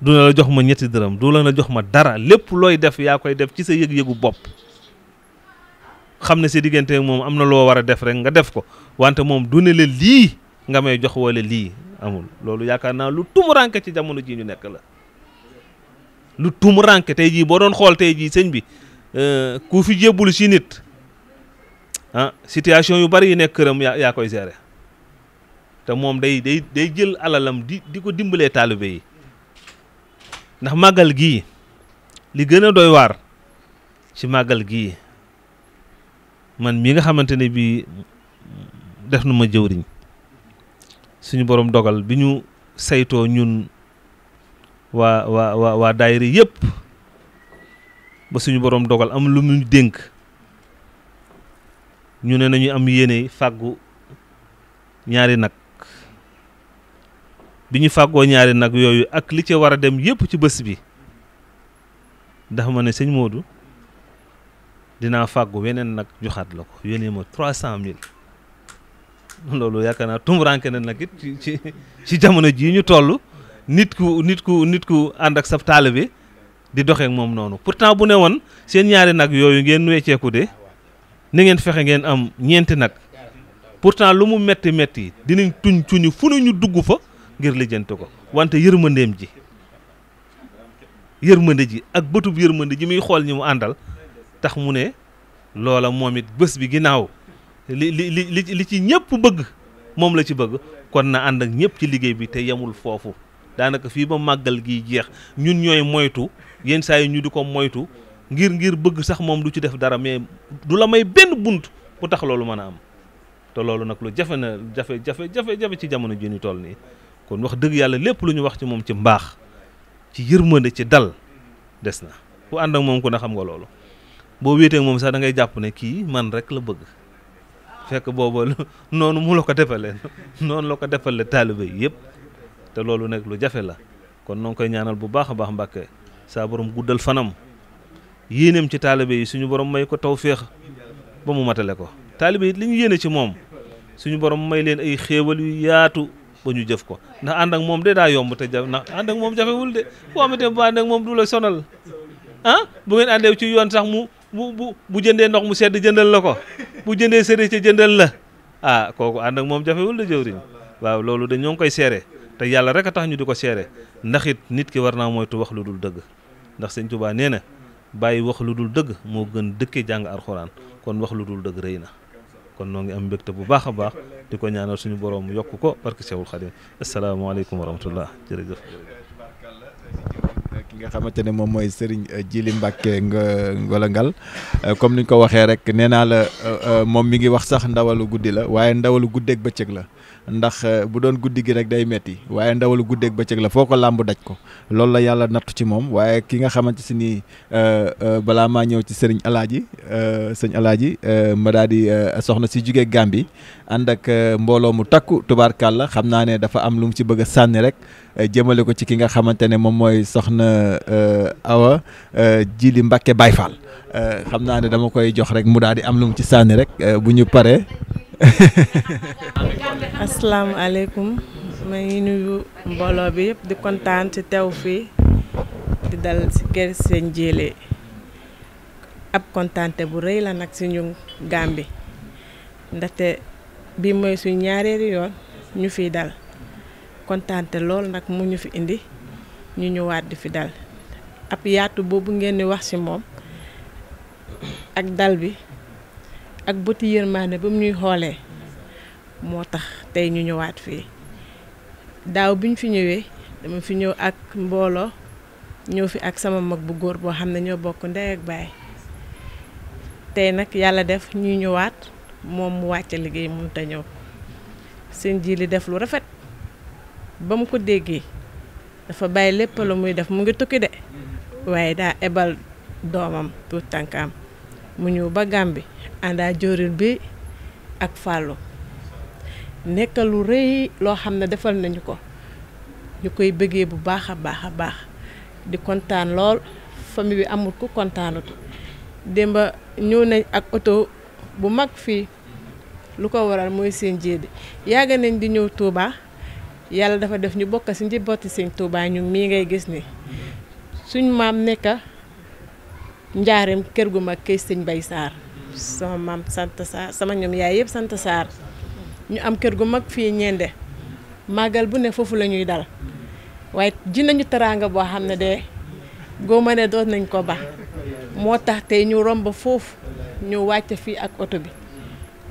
du la jox ma ñetti dërëm du la jox ma dara lépp looy def yaa koy def ci sa yëg-yëgu bopp xam ne sa diggante moom am na loo war a def rek nga def ko wante moom du ne la lii nga may jox wala lii amul loolu yaakaar naa lu tumuranke ci jamono ji ñu nekk la lu tumuranke tey jii boo doon xool tey jii sëñ bi euh, ku fi jébbul si nit ah situation yu bari yu nekk këram yaa yaa koy gérer te moom day day day jël alalam di di ko dimbalee taalibe yi ndax màggal gii li gën a doy waar ci màggal gii man mii nga xamante ne bii def nu ma jëwriñ suñu borom dogal bi ñu saytoo ñun waa waa waa waa daayira yépp ba suñu borom dogal am lu mu dénk ñu ne nañu am yéene fàggu ñaari nag bi ñu fàggoo ñaari nag yooyu ak li ci war a dem yépp ci bés bi ndax ma ne sëñ moodu dinaa fàggu weneen nag joxaat la ko yónnee ma trois cent mille loolu yaakaar naa tumuranke na nag it ci ci jamono jii ñu toll nit ku nit ku nit ku ànd ak sab bi di doxeek moom noonu pourtant bu ne woon seen ñaari nag yooyu ngeen wecceeku de ni ngeen fexe ngeen am ñeenti nag pourtant lu mu metti metti dinañ tuñ tuñu fu ñu dugg fa ngir lijjanti ko wante yërmandeem ji yërmande ji ak bëtub yërmande ji muy xool ni mu àndal tax mu ne loola moom it bés bi ginnaaw li li li ci ñëpp bëgg moom la ci bëgg kon na àndak ak ñëpp ci liggéey bi te yemul foofu daanaka fii ba màggal gi jeex ñun ñooy moytu yenn saa yi ñu di ko moytu ngir ngir bëgg sax moom du ci def dara mais du la may benn bunt bu tax loolu mën a am te loolu nag lu jafe na jafe jafe jafe jafe ci jamono ji ñu tool nii kon wax dëgg yàlla lépp lu ñu wax ci moom ci mbaax ci yërmande ci dal des na ku ànd moom ku ne xam nga loolu boo wéetee moom sax da ngay jàpp ne kii man rek la bëgg fekk booba noonu mu la ko defalee noonu la ko defalee taalibe yëpp te loolu nekk lu jafe la kon noo koy ñaanal bu baax a baax Mbàkke saa borom guddal fanam yéeneem ci taalibe yi suñu borom may ko tawféex ba mu matale ko taalibe yi li ñu yéene ci moom suñu borom may leen ay xéewal ba ñu jëf ko ndax ànd ak moom de daa yomb te jafe ndax àndak ak moom jafewul de boo xamante bu ànd ak moom du la sonal ah bu ngeen àndee ci yoon sax mu mu bu bu jëndee ndox mu sedd jëndal la ko bu jëndee sëriñ ci jëndal la ah kooku ànd ak moom jafewul de jëwriñ waaw loolu de ñoo ngi koy seere te yàlla rek a tax ñu di ko seere ndax it nit ki war naa moytu wax lu dul dëgg ndax sëñ Tuubaa nee na bàyyi wax lu dul dëgg moo gën dëkke jàng alxuraan kon wax lu dul dëgg rëy na kon noo ngi am mbégte bu baax a baax di ko ñaanal suñu borom yokk ko barke Seexul Xadim asalaamaaleykum wa rahmatullah jërëjëf. ki nga xamante ne moom mooy Serigne Djily Mbacke Ngolongal comme ni ñu ko waxee rek nee naa la euh, euh, moom mi ngi wax sax ndawalu guddi la waaye ndawalu guddeeg bëccëg la. ndax eh, bu doon guddi gi rek day metti waaye ndawal guddeeg bëccëg la foo ko làmb daj ko loolu la yàlla nattu ci moom waaye ki nga xamante si ni eh, eh, balaa maa ñëw ci sëriñ alaaji sëñ alaaji ma daal di soxna si jugee bi ànd ak mbooloo mu takku la xam naa ne dafa am lu mu ci bëgg a sànni rek jëmale ko ci ki nga xamante ne moom mooy soxna Awa Jili Mbàkke Baay Faal xam naa ne dama koy jox rek mu daal di am lu mu ci sànni rek bu ñu pare asalaamaaleykum ma ngi nuyu mbooloo bi yëpp di kontaan ci teew fii di dal ci kër seen jéele ab kontaante bu rëy la nag ci ñu Gàmbi ndaxte bi mooy suñ ñaareeri yoon ñu fiy dal kontaante lool nag mu ñu fi indi ñu ñëwaat di fi dal ab yaatu boobu ngeen di wax ci moom ak dal bi ak bëti yërmande ba mu ñuy xoolee moo tax tey ñu ñëwaat fii daaw bi ñu fi ñëwee dama fi ñëw ak mbooloo ñëw fi ak sama mag bu góor boo xam ne ñoo bokk ndey ak baay tey nag yàlla def ñuy ñëwaat moom mu wàcce liggéey mënut a ñëw seen ji li def lu rafet ba mu ko déggee dafa bàyyi lépp muy def mu ngi tukki de mm-hmm. waaye daa ebal doomam tuut tànkaam mu ñëw ba bi àndaa jóorin bi ak fàllu nekk lu rëy loo xam ne defal nañu ko ñu koy bëggee bu baax a baax a baax di kontaan lool famille bi amul ku kontaanut démb ñëw nañ ak oto bu mag fii lu ko waral mooy seen jéedi yàgg nañ di ñëw Touba yàlla dafa def ñu bokk si njabooti seen Touba ñu mii ngay gis ni suñ maam nekka njaareem kër gu mag këy sëñ Bay Saar sama maam sant Sarr sama ñoom yaay yëpp sant Sarr ñu am kër gu mag fii ñeende màggal bu ne foofu la ñuy dal waaye ji nañu teraanga boo xam ne de goo ma ne nañ ko ba moo tax tey ñu romb foofu ñu wàcc fii ak oto bi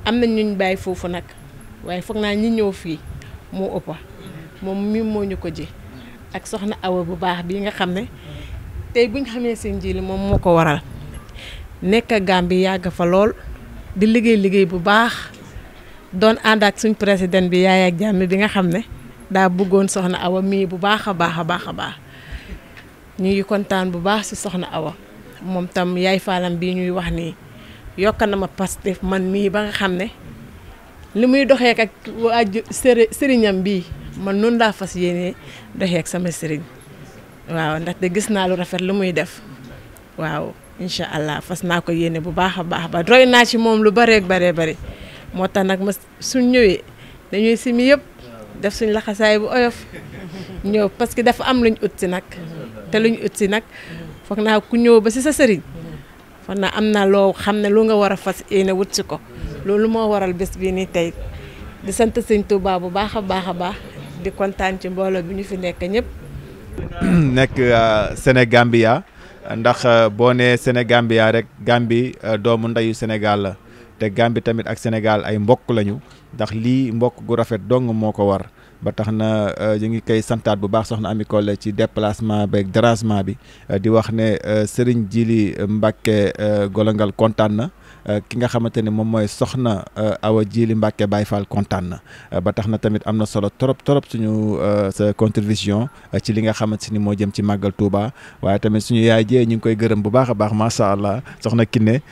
am na ñu bàyyi foofu nag waaye foog naa ñi ñëw fii moo ëpp moom mi moo ñu ko ji ak soxna awa bu baax bii nga xam ne tey buñ xamee seen ji moom moo ko waral nekk bi yàgg fa lool di liggéey liggéey bu baax doon ànd ak suñ président bi yaay ak Jammeh bi nga xam ne daa bëggoon soxna Awa mii bu baax a baax a baax a baax ñu ngi kontaan bu baax si soxna Awa moom tam yaay faalam bi ñuy wax nii yokk na ma Pastef man mii ba nga xam ne li muy doxeek ak waaju sëriñam bi man noonu daa fas yéenee doxeek sama sëriñ waaw ndaxte gis naa lu rafet lu muy def waaw incha allah fas naa ko yéene bu baax a baax ba roy naa ci moom lu bëree baree bari moo tax nag ma suñ ñëwee dañuy simi yëpp def suñ laxasaay bu oyof ñëw parce que dafa am lu luñ ut si nag te ñu ut si nag foog naa ku ñëw ba si sa sëriñ foog naa am na loo xam ne lu nga war a fas yéene wut si ko loolu moo waral bés bii nii tey di sant sëñ Touba bu baax a baax a baax di kontaan ci mbooloo bi ñu fi nekk ñëpp. nekk euh, Sénégambia. ndax euh, boo nee Sénégambia rek Gambie euh, doomu ndeyu Sénégal la te Gambie tamit ak Sénégal ay mbokk lañu ndax lii mbokk gu rafet dong moo ko war ba tax na euh, ñu ngi koy santaat bu baax soxna Ami Collé ci déplacement beeg dérangement bi di wax ne Serigne Djili Mbacke Golongal kontaan na. Euh, ki nga xamante ne moom mooy soxna euh, Awa Jili Mbàkke Baay Faal kontaan na euh, ba tax na tamit am na solo trop trop suñu sa contribution ci li nga xamante ni moo jëm ci màggal Touba waaye tamit suñu yaay jee ñu ngi koy gërëm bu baax a baax macha allah soxna Kiné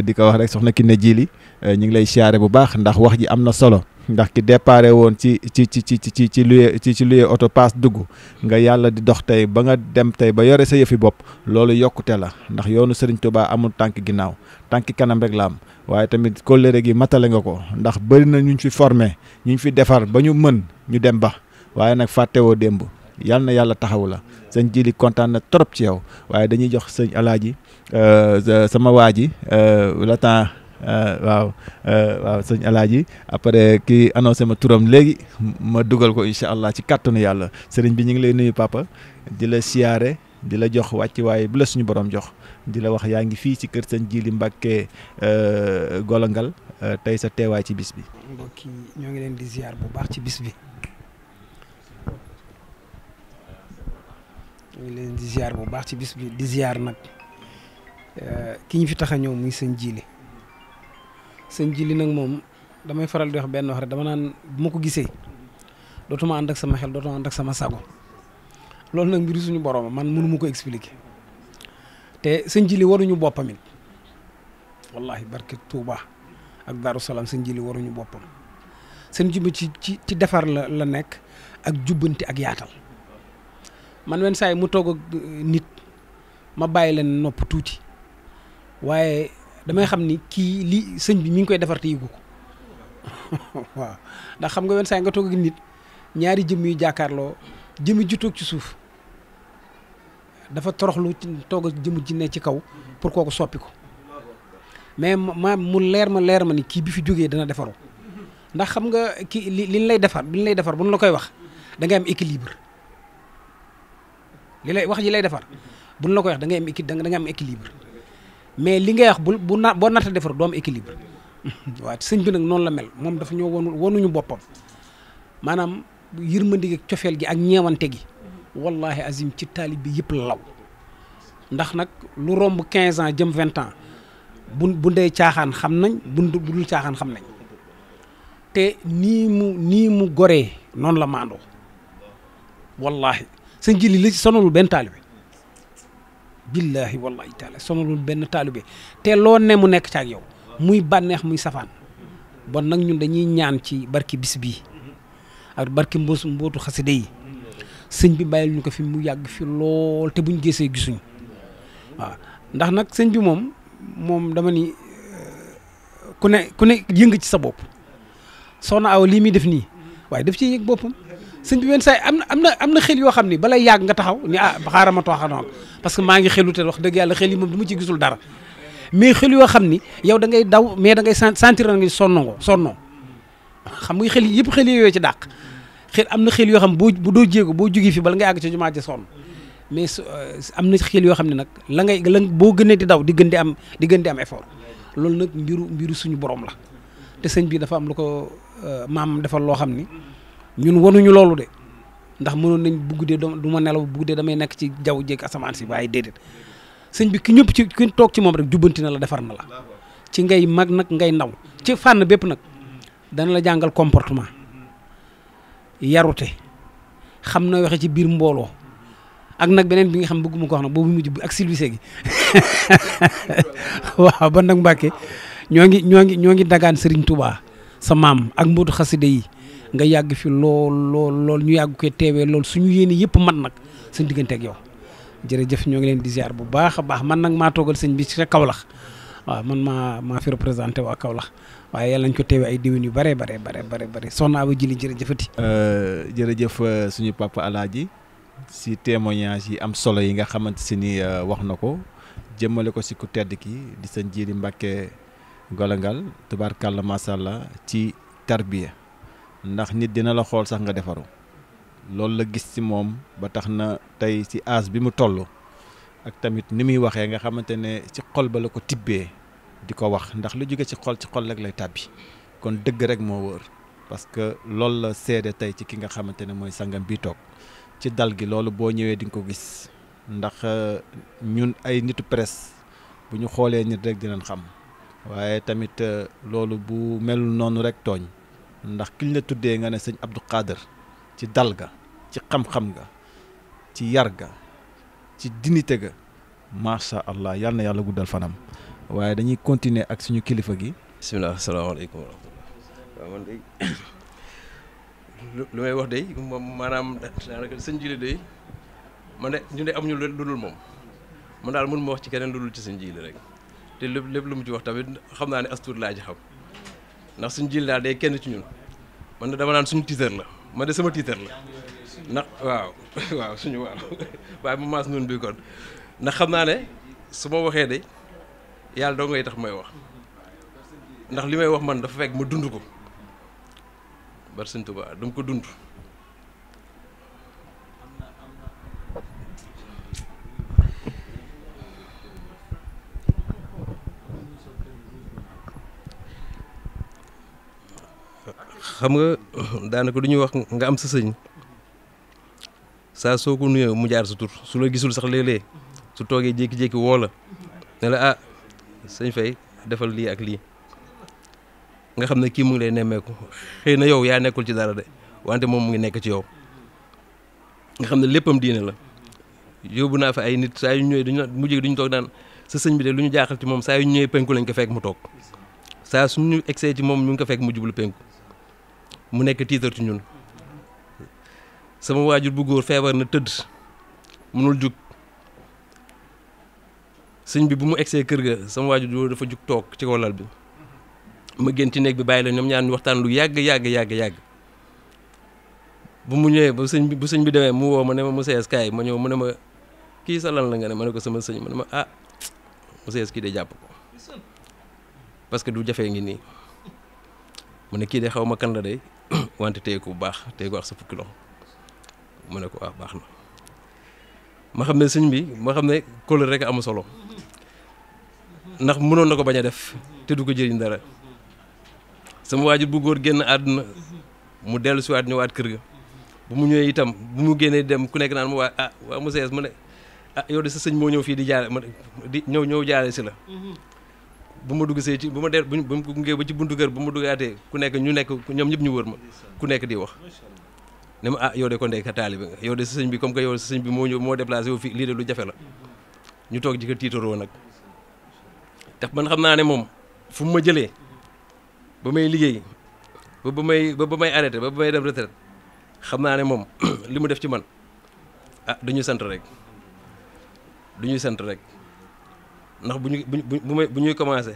di ko wax rek soxna Kiné Jili ñu ngi lay siyaare bu baax ndax wax ji am na solo. ndax ki déparé woon ci ci ci ci ci ci luye ci ci luye oto paas dugg nga yàlla di dox tey ba nga dem tey ba yore sa yëfi bopp loolu yokkute la ndax yoonu Serigne Touba amul tànk ginnaaw tànki kanam rek la am waaye tamit kóllëre gi matale nga ko ndax bëri na ñu fi formé ñu fi defar ba ñu mën ñu dem ba waaye nag fàttewoo démb yal na yàlla taxawu la sëñ Jili kontaan na trop ci yow waaye dañuy jox sëñ alaaji euh, sama waa ji euh, le temps euh, waaw waaw sëñ ji après kii annoncé ma turam léegi ma dugal ko incha allah ci kàttanu yàlla sëriñ bi ñu ngi lay nuyu papa di la siyaare. di la jox wàccuwaay bu la suñu borom jox di la wax yaa ngi fii ci kër sëñ Jili Mbàkke euh, Golongal euh, tey sa teewaay ci bis bi. mbokk yi ñoo ngi leen di ziar bu baax ci bis bi ñoo ngi leen di ziar bu baax ci bis bi di ziar nag euh, ki ñu fi tax a ñëw muy sëñ jiili sëñ Jili nag moom damay faral di wax benn wax rek dama naan bu ma ko gisee dootuma ànd ak sama xel dootuma ànd ak sama sago. loolu nag mbir suñu borom man mënu ko expliquer te sëñ jili waruñu boppam it wallahi barke tuuba ak Darou Salaam sëñ li waruñu boppam seen jubba ci ci ci defar la la nekk ak jubbanti ak yaatal man wenn saa mu toog ak euh, nit ma bàyyi leen nopp tuuti waaye damay xam ni kii li sëñ bi mi ngi koy defar te yëgu ko waaw ndax xam nga wenn saa nga toog ak nit ñaari jëm yu jàkkaarloo jëmi ju toog ci suuf dafa toroxlu toog a jëmu jinne ci kaw pour kooku soppi ko mais ma mu leer ma leer ma ni kii bi fi jógee dana defaru ndax xam nga kii li liñ lay defar liñ lay defar buñ la koy wax da am équilibre li lay wax ji lay defar buñ la koy wax da ngay am équi da am équilibre mais li ngay wax bu bu na boo nata defar doo am équilibre waaw sëñ bi nag noonu la mel moom dafa ñoo wonu wonuñu boppam maanaam ma gi cofeel gi ak ñeewante gi wallahi azim ci taalib bi yëpp la law ndax nag lu romb 15 ans jëm 20 ans bu bu ndey caaxaan xam nañ bu dul caaxaan xam nañ te nii mu nii mu goree noonu la maandoo wallahi sa njëli li ci sonalul benn taalibe billahi wallahi taala sonalul benn taalibe te loo ne mu nekk ci ak yow muy bànneex muy safaan bon nag ñun dañuy ñaan ci barki bis ak barki mboosu mbootu yi sëñ bi bàyyil ñu ko fi mu yàgg fi lool te buñ gisee gisuñu waaw ndax nag sëñ bi moom moom dama ni euh, ku ne ku ne yëng ci sa bopp soxna aw lii muy def nii waaye daf ci yëg boppam sëñ bi wenn saay am am na am na xel yoo xam ne balay yàgg nga taxaw ni ah xaaral ma tooxanoon parce que maa ngi xelu te wax dëgg yàlla xel yi moom du ma ci gisul dara mais xel yoo xam ni yow da ngay daw mais da ngay sentir na nga sonnoo sonnoo xam nga xel yëpp xel yooyu ci dàq xel am na xel yoo xam boo bu doo jéego boo jógee fi bala ngay àgg ca jumaa ji sonn mais euh, am na xel yoo xam ne nag la ngay la boo gënee di daw di gën di am di gën di loolu nag mbiru mbiru suñu boroom la te sëñ bi dafa am lu ko euh, maam defal loo xam ni ñun wanuñu loolu de ndax mënoon nañ bu guddee du ma nelaw bu guddee damay nekk ci jaww jéeg asamaan si waaye déedéet sëñ bi ki ñëpp ci ki toog ci moom rek jubbanti na la defar na la ci ngay mag nag ngay ndaw ci fànn bépp nag dana la jàngal comportement yarute xam na waxe ci biir mbooloo ak nag beneen bi nga xam bëgguma ko wax nag boobu mujj bi ak silvissé gi waaw ban nag Mbàkke ñoo ngi ñoo ngi ñoo ngi dagaan Serigne Touba sa maam ak mbootu xaside yi nga yàgg fi lool lool lool ñu yàgg koy teewee lool suñu yéene yëpp mat nag suñ diggante yow jërëjëf ñoo ngi leen di ziar bu baax a baax man nag maa toogal sëñ bi ci Kaolack waaw man maa maa fi représenté waa Kaolack waaye yàlla nañ ko teewe ay déwén yu bare bare bare bare bare soxna Awa Jili jërëjëfati euh, jërëjëf euh, suñu papa alaaji si témoignage yi am solo yi nga xamante si ni euh, wax na ko jëmmale ko si ku tedd ki di sa Jili Mbàkke Golongal tubaarkàlla macha allah ci tarbiya ndax nit dina la xool sax nga defaru loolu la gis ci moom ba tax na tey si aas bi mu toll ak tamit ni muy waxee nga xamante ne ci xol ba la ko tibbee di ko wax ndax lu jóge ci xol ci xol rek lay tàbbi kon dëgg rek moo wóor parce que loolu la seede tey ci ki nga xamante ne mooy sangam bii toog ci dal gi loolu boo ñëwee di nga ko gis ndax euh, ñun ay nitu presse bu ñu xoolee nit rek dinañ xam waaye tamit euh, loolu bu melul noonu rek tooñ ndax kiñ la tuddee nga ne sëñ Abdou Khader ci dal ga ci xam-xam nga ci yar ga ci dignité ga macha allah yal na yàlla guddal fanam. waaye dañuy continuer ak suñu kilifa gi. bisimilah salaamaaleykum wa waaw man de lu may wax de moom maanaam daanaka sëñ Jili de man de ñu ne amuñu lu dul moom man daal ma wax ci keneen lu dul ci sëñ Jili rek te lépp lépp lu mu ci wax tamit xam naa ne astuur laa ci ndax sëñ Jili daal day kenn ci ñun man de dama naan suñu tiitër la ma de sama tiitër la ndax waaw suñu waaw waaye mu maas noonu bi kon ndax xam naa ne su ma waxee de. yàlla doo ngay tax may wax ndax li may wax man dafa fekk ma dund ko bar sëñ dum ko dund xam nga daanaka du ñuy wax nga am sa sëñ saa soo ko nuyoo mu jaar su tur su la gisul sax léeg-léeg su toogee jékki-jékki woo la ne la ah sëñ Faye defal lii ak lii nga xam ne kii mu ngi lay nemmeeku xëy na yow yaa nekkul ci dara de wante moom mu ngi nekk ci yow nga xam ne léppam diine la yóbbu naa fi ay nit saa yu ñëwee duñu mujj duñu toog daan sa sëñ bi de lu ñu jaaxal ci moom saa yu ñëwee penku lañ ko fekk mu toog saa su ñu egsee ci moom mu ngi ko fekk mu jublu penku mu nekk tiitar ci ñun sama waajur bu feebar na tëdd mënul jug sëñ bi bu mu egsee kër ga sama waajur dafa jug toog ci kaw lal bi ma génn ci néeg bi bàyyi la ñoom ñaan ñu waxtaan lu yàgg yàgg yàgg yàgg bu mu ñëwee ba sëñ bi bu sëñ bi demee mu woo ma ne ma monsieur Sky ma ñëw mu ne ma kii sa lan la nga ne ma ne ko sama sëñ ma ma ah monsieur kii de jàpp ko parce que du jafee ngi nii mu ne kii de xaw ma kan la day wante téye ko bu baax téye ko wax sa fukki loxo mu ne ko waaw ah, baax na ma xam ne sëñ bi ma xam ne kóllëre rek amu solo. ndax mënoon na ko bañ a def te du ko jëriñ dara sama waajur bu góor génn àdduna mu dellu si waat ñëwaat kër ga bu mu ñëwee itam bu mu génnee dem ku nekk naan mu waa ah waa monsieur ne ah yow de sëñ moo ñëw di jaare ma di ñëw ñëw jaare si la. bu ma dugg see ci bu ma dee bu ma gungee ba ci buntu kër bu ma duggaatee ku ñu nekk ñoom ñëpp ñu wër ma ku nekk di wax. ne ma ah yow de ko ndey ka taalibe nga yow de sa sëñ bi comme que yow sa sëñ bi moo ñëw moo déplacé wu fi lii de lu jafe la ñu toog ji ko tiitaroo nag. ndax man xam naa ne moom fu mu ma jëlee ba may liggéey ba ba may ba ba may arrêté ba ba may dem retraite xam naa ne moom li mu def ci man ah du sant rek du ñuy sant rek ndax bu ñu bu bu ñuy commencé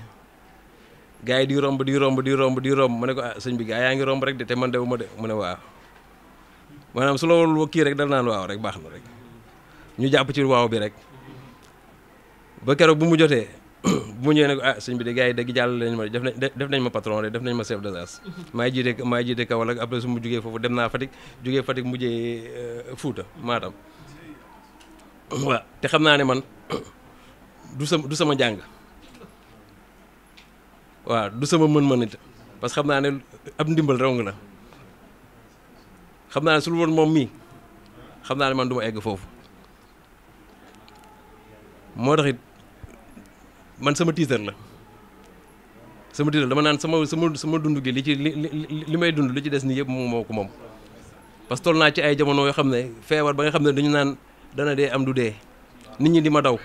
gars yi di romb di romb di romb di romb mu ne ko ah sëñ bi gars yaa ngi romb rek de te man de wu ma de mu ne waaw maanaam su loolu kii rek dal naan waaw rek baax na rek ñu jàpp ci waaw bi rek ba keroog bu mu jotee. bu ñëwee ne ko ah sëñ bi de gars yi dëgg jàll lañ ma def nañ def nañ ma patron de def nañ ma chef de service maay jiite maay jiite Kaolack après su mu jugee foofu dem naa Fatick jugee Fatick mujjee euh, Fuuta Matam waaw te xam naa ne man du sama du sama jàng waaw du sama mën-mën it parce que xam naa ne ab ndimbal dong la xam naa ne su lu moom mii xam naa ne man du ma egg foofu moo tax man sama teaser la sama teaser dama naan sama sama sama dund gi li ci li li may dund li ci des nii yëpp moom ko moom parce que toll naa ci ay jamono yoo xam ne feebar ba nga xam ne dañu naan dana dee am du dee nit ñi di ma daw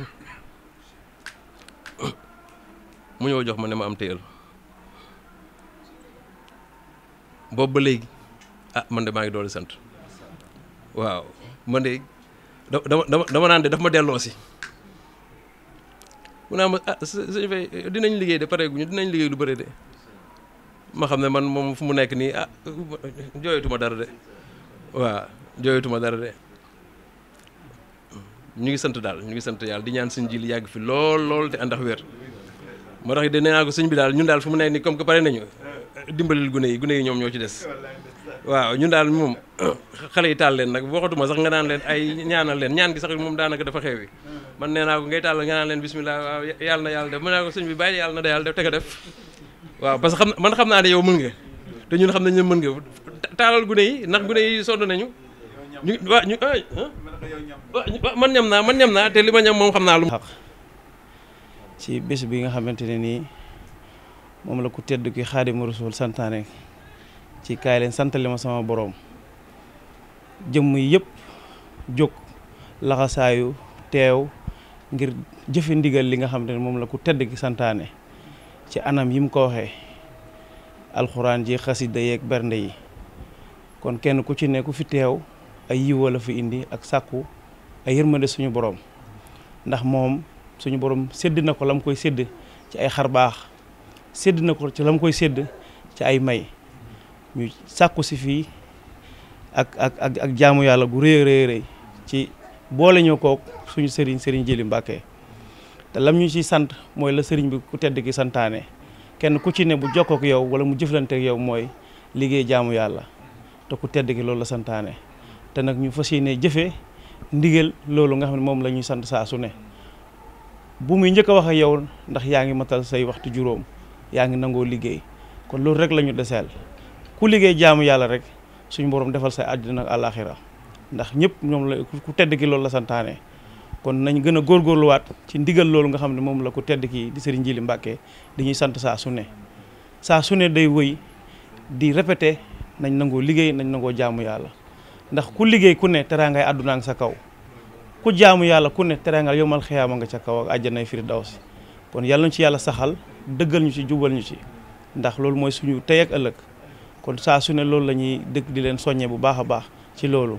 mu ñëw jox ma ne ma am téyal boobu ba léegi ah man de maa ngi doon sant waaw man de dama dama dama naan de daf ma delloo si. mu ne ma ah sëñ Faye dinañ liggéey de pare guñu dinañ liggéey lu bëri de ma xam ne man moom fu mu nekk nii ah jooyatuma dara de waaw jooyatuma dara de ñu ngi sant daal ñu ngi sant yàlla di ñaan suñ ji li yàgg fi lool lool te àndax wér moo tax de nee naa ko sëñ bi daal ñun daal fu mu nekk nii comme que pare nañu dimbalil gune yi gune yi ñoom ñoo ci des waaw ñun daal moom xale yi taal leen nag waxatuma sax nga naan leen ay ñaanal leen ñaan gi sax moom daanaka dafa xewi man nee naa ko ngay tàllal nga naan leen bismillah waaw yàlla na yàlla def mën naa ko sëñ bi bàyyi yàlla na te nga def waaw parce que xam man xam naa yow mën nga te ñun xam nañ ne mën nga taalal gune yi ndax gune yi nañu ñu ah? man ñam naa man ñam naa te ma moom xam naa lu xaq ci nga xamante ne nii moom la ku tedd ki xaadimu rasul santaane ci kaay leen santale ma sama boroom jëmm yëpp jóg laxasaayu teew ngir jëfe ndigal li nga xam te ne moom la ku tedd ki santaane ci anam yi mu ko waxee alxuraan ji xasida yeeg bernde yi kon kenn ku ci ne ku fi teew ay yiwa la fi indi ak sàkku ay yërmande suñu boroom ndax moom suñu boroom sedd na ko la mu koy sédd ci ay xarbaax sedd na ko ci la mu koy sedd ci ay may ñu sàkku si fii ak ak ak ak jaamu yàlla gu rëy rëy rëy ci boole ñu kook suñu sëriñ sëriñ Jili Mbàkke te lam ñu ciy sant mooy la sëriñ bi ku tedd ki santaane kenn ku ci ne bu jokkook yow wala mu jëflante ak yow mooy liggéey jaamu yàlla te ku tedd ki loolu la santaane te nag ñu fas ne jëfe ndigal loolu nga xam ne moom la ñuy sant saa su ne bu muy njëkk a wax ak yow ndax yaa ngi matal say waxtu juróom yaa ngi nangoo liggéey kon loolu rek la ñu deseel ku liggéey jaamu yàlla rek suñu borom defal sa àddina ak ndax ñëpp ñoom la ku tedd ki loolu la santaane kon nañ gën góor góorluwaat ci ndigal loolu nga xam ne moom la ku tedd ki di Serigne Djily Mbacké dañuy sant saa su ne saa su ne day wëy di répété nañ nangoo liggéey nañ nangoo jaamu yàlla ndax ku liggéey ku ne teraangay àdduna nga sa kaw ku jaamu yàlla ku ne teraangal yomal xiyaama nga ca kaw ak àjjanay firdawsi kon yàlla ñu ci yàlla saxal dëggal ñu ci jubal ñu ci ndax loolu mooy suñu tey ëllëg kon saa sune loolu la ñuy dëkk di leen soññe bu baax a baax ci loolu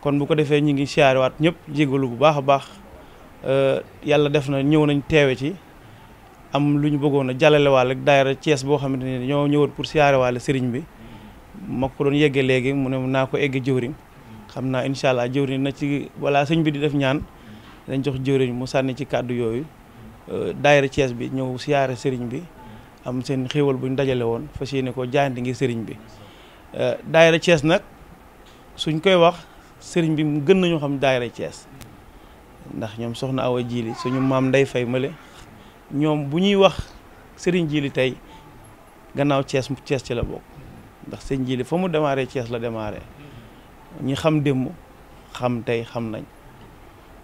kon bu ko defee ñu ngi siyaarewaat ñëpp jégalu bu baax a baax euh, yàlla def na ñëw nañ teewe ci am lu ñu bëggoon a jàllalewaale ak daayira boo xamante ne ñoo ñëwoon pour siyaarewaale sëriñ bi ma ko doon yeggee léegi mu ne naa ko egg jëwriñ xam naa incha allah jëwriñ na ci wala sëñ bi di def ñaan dañ jox jëwriñ mu sànni ci kàddu yooyu euh, daayira Thiès bi ñëw siyaare sëriñ bi am seen xéewal bu ñu dajale woon fas yéene ko jaayante ngir sëriñ bi euh, daayira cees nag suñ koy wax sëriñ bi mu gën nañu xam daayira cees ndax ñoom soxna Awa Jili suñu maam nday fay male ñoom bu ñuy wax sëriñ Jili tey gannaaw Thiès cees ci la bokk ndax sëriñ Jili fa mu démarré cees la démarré ñi xam démb xam tey xam nañ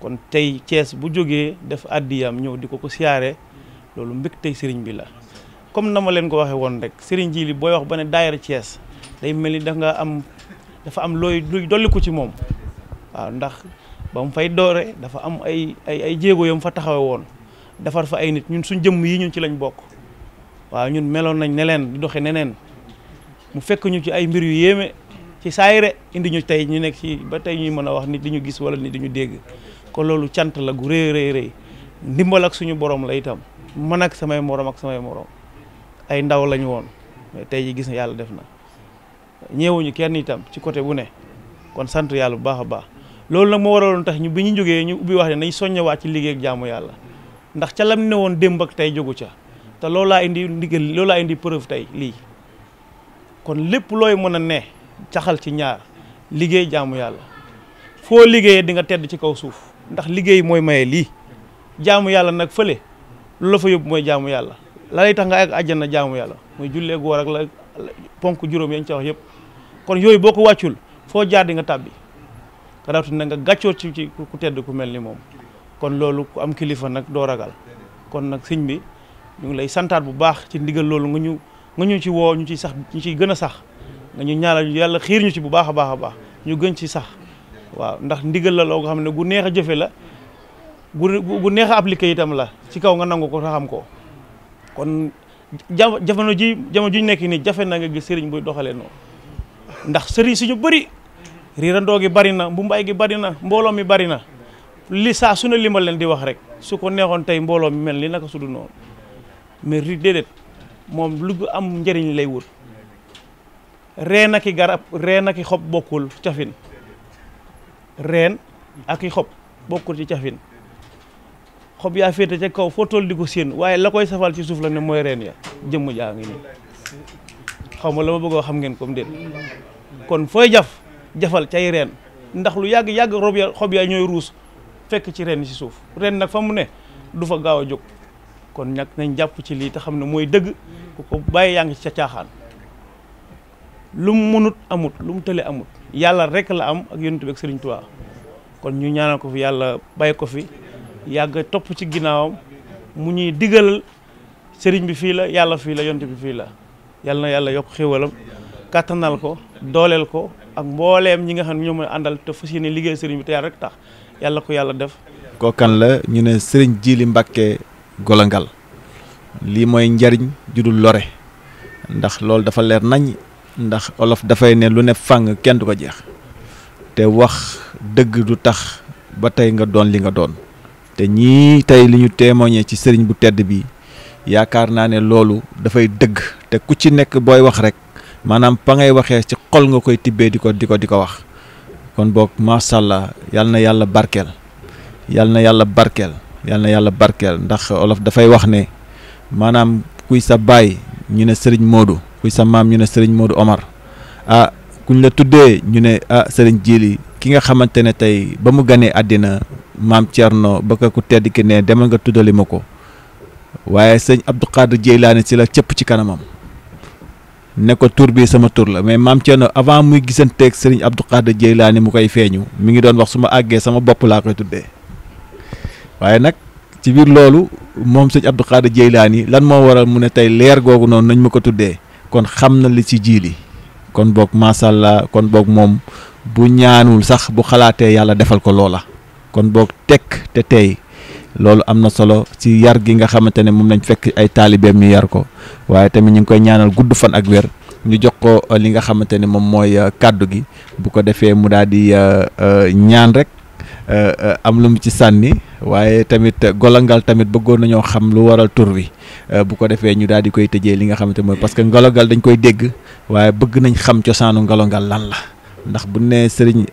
kon tey Thiès bu jógee def àddiyam ñëw di ko ko siyaare loolu mbég tey sëriñ bi la comme na ma leen ko waxee woon rek Serigne Djily booy wax ba ne daayira Thiès day mel ni danga am dafa am looy luy dolliku ci moom waaw ndax ba mu fay doore dafa am ay ay ay jéego yam fa taxawe woon defar fa ay nit ñun suñ jëmm yi ñun ci lañ bokk waaw ñun meloon nañ ne leen di doxe neneen mu fekk ñu ci ay mbir yu yéeme ci saayire indi ñu tey ñu nekk ci ba tey ñuy mën a wax nit di ñu gis wala nit di ñu dégg kon loolu cant la gu rëy rëy rëy ndimbal ak suñu borom la itam man ak samay morom ak samay morom ay ndaw lañu woon tey ji gis na yàlla def na ñeewuñu kenn itam ci côté bu ne kon sant yàlla bu baax a baax loolu nag moo waraloon tax ñu bi ñu jógee ñu ubbi wax ne nañ soññewaat ci liggéey ak jaamu yàlla ndax ca lam ne woon démb ak tey jógu ca te loolu laa indi ndigal loolu laa indi preuve tey lii kon lépp looy mën a ne caxal ci ñaar liggéey jaamu yàlla foo liggéeyee di nga tedd ci kaw suuf ndax liggéey mooy maye lii jaamu yàlla nag fële lu la fa yóbbu mooy jaamu yàlla lal yi tax nga àgg àjjana jaamu yàlla muy jullee góor ak la ponk juróom yañ ca wax yëpp kon yooyu boo ko wàccul foo jaar di nga tàbbi te rawatina nga gàccoo ci ci ku tedd ku mel ni moom kon loolu ku am kilifa nag doo ragal kon nag sëñ bi ñu ngi lay santaat bu baax ci ndigal loolu nga ñu nga ñu ci woow ñu ci sax ñu ciy gën a sax nga ñu ñaanal yàlla xiir ñu ci bu baax a baax a baax ñu gën ci sax waaw ndax ndigal la loo nga xam ne gu neex a jëfe la gu neex a itam la ci kaw nga nangu ko taxam ko kon ja jamono ji jamono ju ñu nekk nii jafe na nga gis sëriñ buy doxalee noonu ndax sëriñ si ñu bëri riirandoo gi bari na mbumbaay gi bari na mbooloo mi bari na li saa su ne li ma leen di wax rek su ko neexoon tey mbooloo mi mel ni naka su du noonu mais ri déedéet moom lu am njëriñ lay wut reen ak garab reen ak i xob bokkul cafin reen aki xob bokkul ci cafin xob yaa féete ca kaw foo toll di ko séen waaye la koy safal ci suuf la ne mooy reen ya jëmm jaa ngi nii xaw ma la ma bëggoo xam ngeen comme déet kon fooy jaf jafal cay reen ndax lu yàgg yàgg rob ya xob yaa ñooy ruus fekk ci reen ci suuf nag fa mu ne du fa gaaw a jóg kon ñag nañ jàpp ci lii xam ne mooy dëgg ku bàyyi yaa ngi ca caaxaan lu mu munut amut lu mu tële amut yàlla rek la am ak yonent bi ak Sëriñ Tuubaa kon ñu ñaanal ko fi yàlla bàyyi ko fi yàgg topp ci ginnaawam mu ñuy digal sëriñ bi fii la yàlla fii la yonte bi fii la yàlla na yàlla yokk xéwalam kàttanal ko dooleel ko ak mbooleem ñi nga xam ne ñoo mooy àndal te fas yéene liggéey sëriñ bi te yàlla rek tax yàlla ko yàlla def kookan la ñu ne sëriñ Jili Mbàkke Golongal lii mooy njariñ judul lore ndax loolu dafa leer nañ ndax olof dafay ne lu ne fàng kenn du ko jeex te wax dëgg du tax ba tey nga doon li nga doon te ñii tey li ñu témoigné ci sëriñ bu tedd bi yaakaar naa ne loolu dafay dëgg te ku ci nekk booy wax rek maanaam pa ngay waxee ci xol nga koy tibbee di ko di ko di ko wax kon boog macha allah yal na yàlla barkeel yal na yàlla barkeel yal na yàlla barkeel ndax olof dafay wax ne maanaam kuy sa baay ñu ne sëriñ Modou kuy sa maam ñu ne sëriñ Modou Omar ah kuñ la tuddee ñu ne ah sëriñ Jili ki nga xamante ne tey ba mu ganee àddina maam Thierno ba ko ku tedd ki ne demal nga tuddali ma ko waaye sëñ Abdou Khadir Jeylaani si la cëpp ci kanamam ne ko tur bi sama tur la mais maam Thierno avant muy gisanteeg sëriñ Abdou Khadir Jeylaani mu koy feeñu mi ngi doon wax su ma àggee sama bopp laa koy tuddee waaye nag ci biir loolu moom sëñ Abdou Khadir Jeylaani lan moo waral mu ne tey leer googu noonu nañ ma ko tuddee kon xam na li ci jiili kon boog macha allah kon boog moom bu ñaanul sax bu xalaatee yàlla defal ko loola. kon boog tek te tey loolu am na solo ci yar gi nga xamante ne moom lañ fekk ay taalibeem ñu yar ko waaye tamit ñu ngi koy ñaanal gudd fan ak wér ñu jox ko euh, li nga xamante ne moom mooy euh, kàddu gi bu ko defee mu daal di euh, ñaan rek am lu ci sànni waaye tamit golongal tamit bëggoon nañoo xam lu waral tur wi bu ko defee ñu daal di koy tëjee li nga xamante mooy parce que ngolongal dañ koy dégg waaye bëgg nañ xam cosaanu ngolongal lan la ndax bu ne Serigne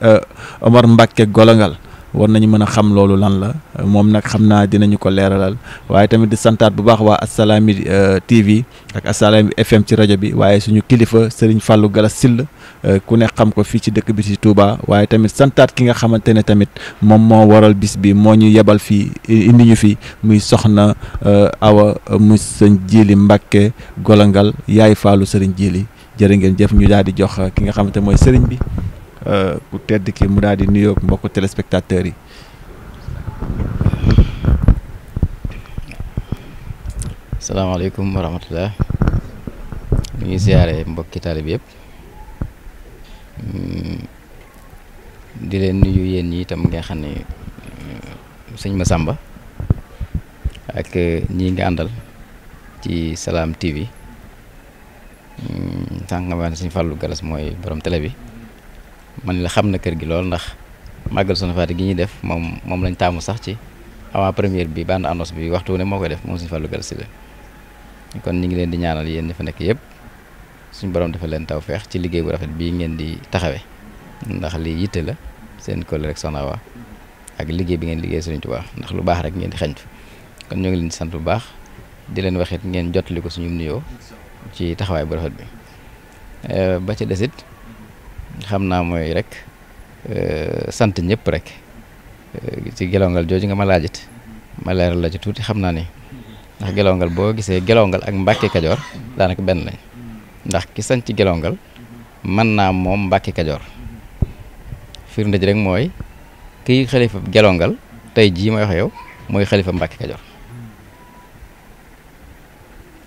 Omar Mbacke golongal war nañu mën a xam loolu lan la moom nag xam naa dinañu ko leeralal waaye tamit di santaat bu baax waa Assalaamy euh, TV ak Assalaamy FM ci rajo bi waaye suñu kilifa Serigne fàllu Galas Sill euh, ku ne xam ko fii ci dëkk bi ci Touba waaye tamit santaat ki nga xamante ne tamit moom moo waral bis bi moo ñu yebal fii indi ñu fi muy soxna euh, Awa muy sëñ Jili Mbacke Golangal yaay Fallou Serigne Jili jërë ngeen jëf ñu daal di jox ki nga xamante mooy sëriñ bi. Euh, ku tedd ki mu daal di nuyoog mbokku téléspectateurs yi. salaamaaleykum wa rahmatullah ñu ngi ziare mbokki taalib yëpp mm, di leen nuyu yéen ñi itam nga xam ne mm, sëñ sàmba ak euh, ñii nga àndal ci salaam TV mm, sànq ma ne sëñ Fallou Galas mooy borom télé bi. man la xam na kër gi lool ndax màggal Soxna Faty gi ñuy def moom moom lañ taamu sax ci avant première bi bande annonce bi waxtu ne moo koy def moom suñu Fallou Galass Syll kon ñu ngi leen di ñaanal yéen ñi fa nekk yëpp suñu borom dafa leen taw feex ci liggéey bu rafet bii ngeen di taxawee ndax lii yitte la seen kër rek Soxna Awa ak liggéey bi ngeen liggéey Sëriñ Tuubaa ndax lu baax rek ngeen di xañtu kon ñoo ngi leen di sant bu baax di leen waxit ngeen jottali ko suñu nuyoo ci taxawaay bu rafet bi ba ci desit xam naa mooy rek euh, sant ñëpp rek euh, ci gelongal jooju nga ma laajit ma leeral la ci tuuti xam naa ni ndax gelongal boo gisee gelongal ak Mbàkke Kajoor daanaka benn lañ ndax ki sañ ci gelongal man naa moom Mbàkke Kajoor firnde ji rek mooy kiy xalifa gelongal tey jii may wax yow mooy xalifa Mbàkke Kajoor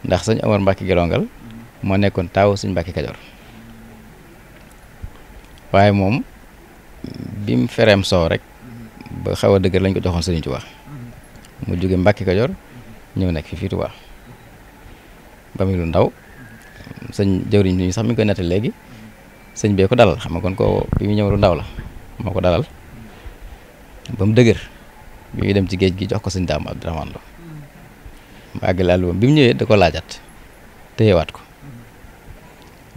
ndax sëñ Omar Mbàkke gelongal moo nekkoon taaw suñ Mbàkke Kajoor waaye moom bi mu fereem soow rek mm-hmm. ba xaw a dëgër lañ ko joxoon Sëriñ Tuubaa mm-hmm. mu jóge Mbàkke Kajoor ñëw nekk fi fii Tuubaa mm-hmm. ba muy lu ndaw sëñ jëwriñ bi sax mi ngi koy nettali léegi sëñ bee ko dalal xam nga ko bi mu ndaw la moo ko dalal ba mu dëgër bi muy dem ci géej gi jox ko sëñ Daam Abdurahmaan Lo mu àggale àlluwam bi ñëwee da ko laajat téyewaat ko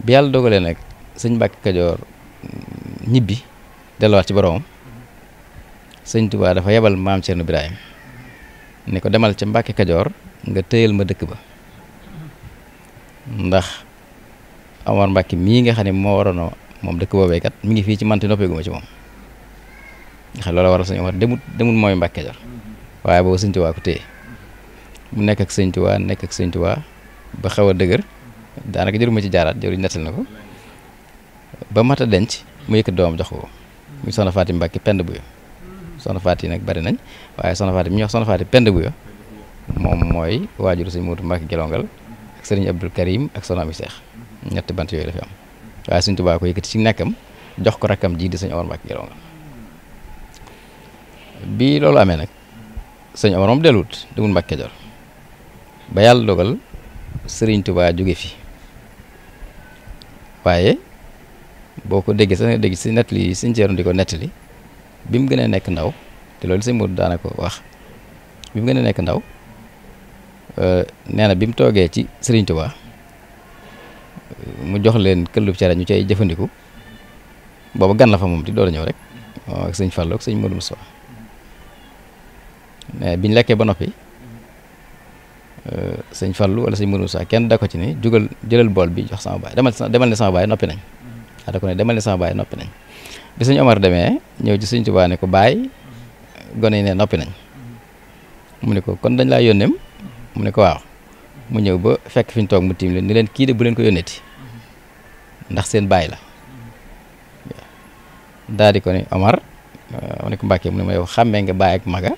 bi yàlla dogalee nag sëñ Mbàkke Kajoor ñibbi delluwaat ci boroomam sëñ Tuubaa dafa yebal maam Cerno Birahim ni ko demal ca Mbàkke Kajoor nga téyal ma dëkk ba ndax Amar Mbàkke mii nga xam ne moo waroon moom dëkk boobee kat mi ngi fii ci man te noppeeguma ci moom ndax loolu waral sëñ Omar demut demut mooy Mbàkke Kajoor waaye boobu sëñ ko téye mu nekk ak sëñ Tuubaa nekk ak sëñ Tuubaa ba xaw a dëgër daanaka jëruma ci jaaraat jëruñ nettal na ko ba mat a denc mu yëkkat doomam jox ko muy soxna Faati Mbàkke pend bu yo soxna Faati nag bari nañ waaye soxna Faati mi ñuy wax soxna Faati pend bu yo moom mooy waajur sëñ Muudu Mbàkke Gelongal ak sëriñ Abdul Karim ak soxna Ami Seex ñetti bant yooyu la fi am waaye sëñ Tuubaa ko yëkkati di sëñ Omar Mbàkke Gelongal bi loolu amee nag sëñ Omar moom delluwut demul Mbàkke Kajoor ba yàlla dogal sëriñ Tuubaa jóge fi waaye boo ko déggee sax nga dégg si nettali yi sëñ Ceerno ko nettali bi mu gën a nekk ndaw te loolu sëñ Moodu daana ko wax bi mu gën a nekk ndaw euh, nee na bi mu toogee ci Sëriñ mu jox leen këllub cere ñu cay jëfandiku booba gan la fa moom di door a ñëw rek ak sëñ Fallu ak sëñ Moodu Mustafaa mais biñ lekkee ba noppi euh, sëñ Fallu wala sëñ Moodu kenn da ko ci ni jugal jëlal bool bi jox sama baay demal demal ne sama baay noppi nañ ata ko ne demal ne sama baay noppi nañ bi suñu Omar demee ñëw ci suñ baay gone yi ne noppi nañ mu ko kon dañ laa yónneem ne ko waaw ñëw ba fekk fi toog mu tiim leen ni leen kii de bu leen ko yónneeti ndax seen baay la daal di ko ni Omar mu ne ko Mbàkke mu ne ma yow xàmmee nga baay ak maga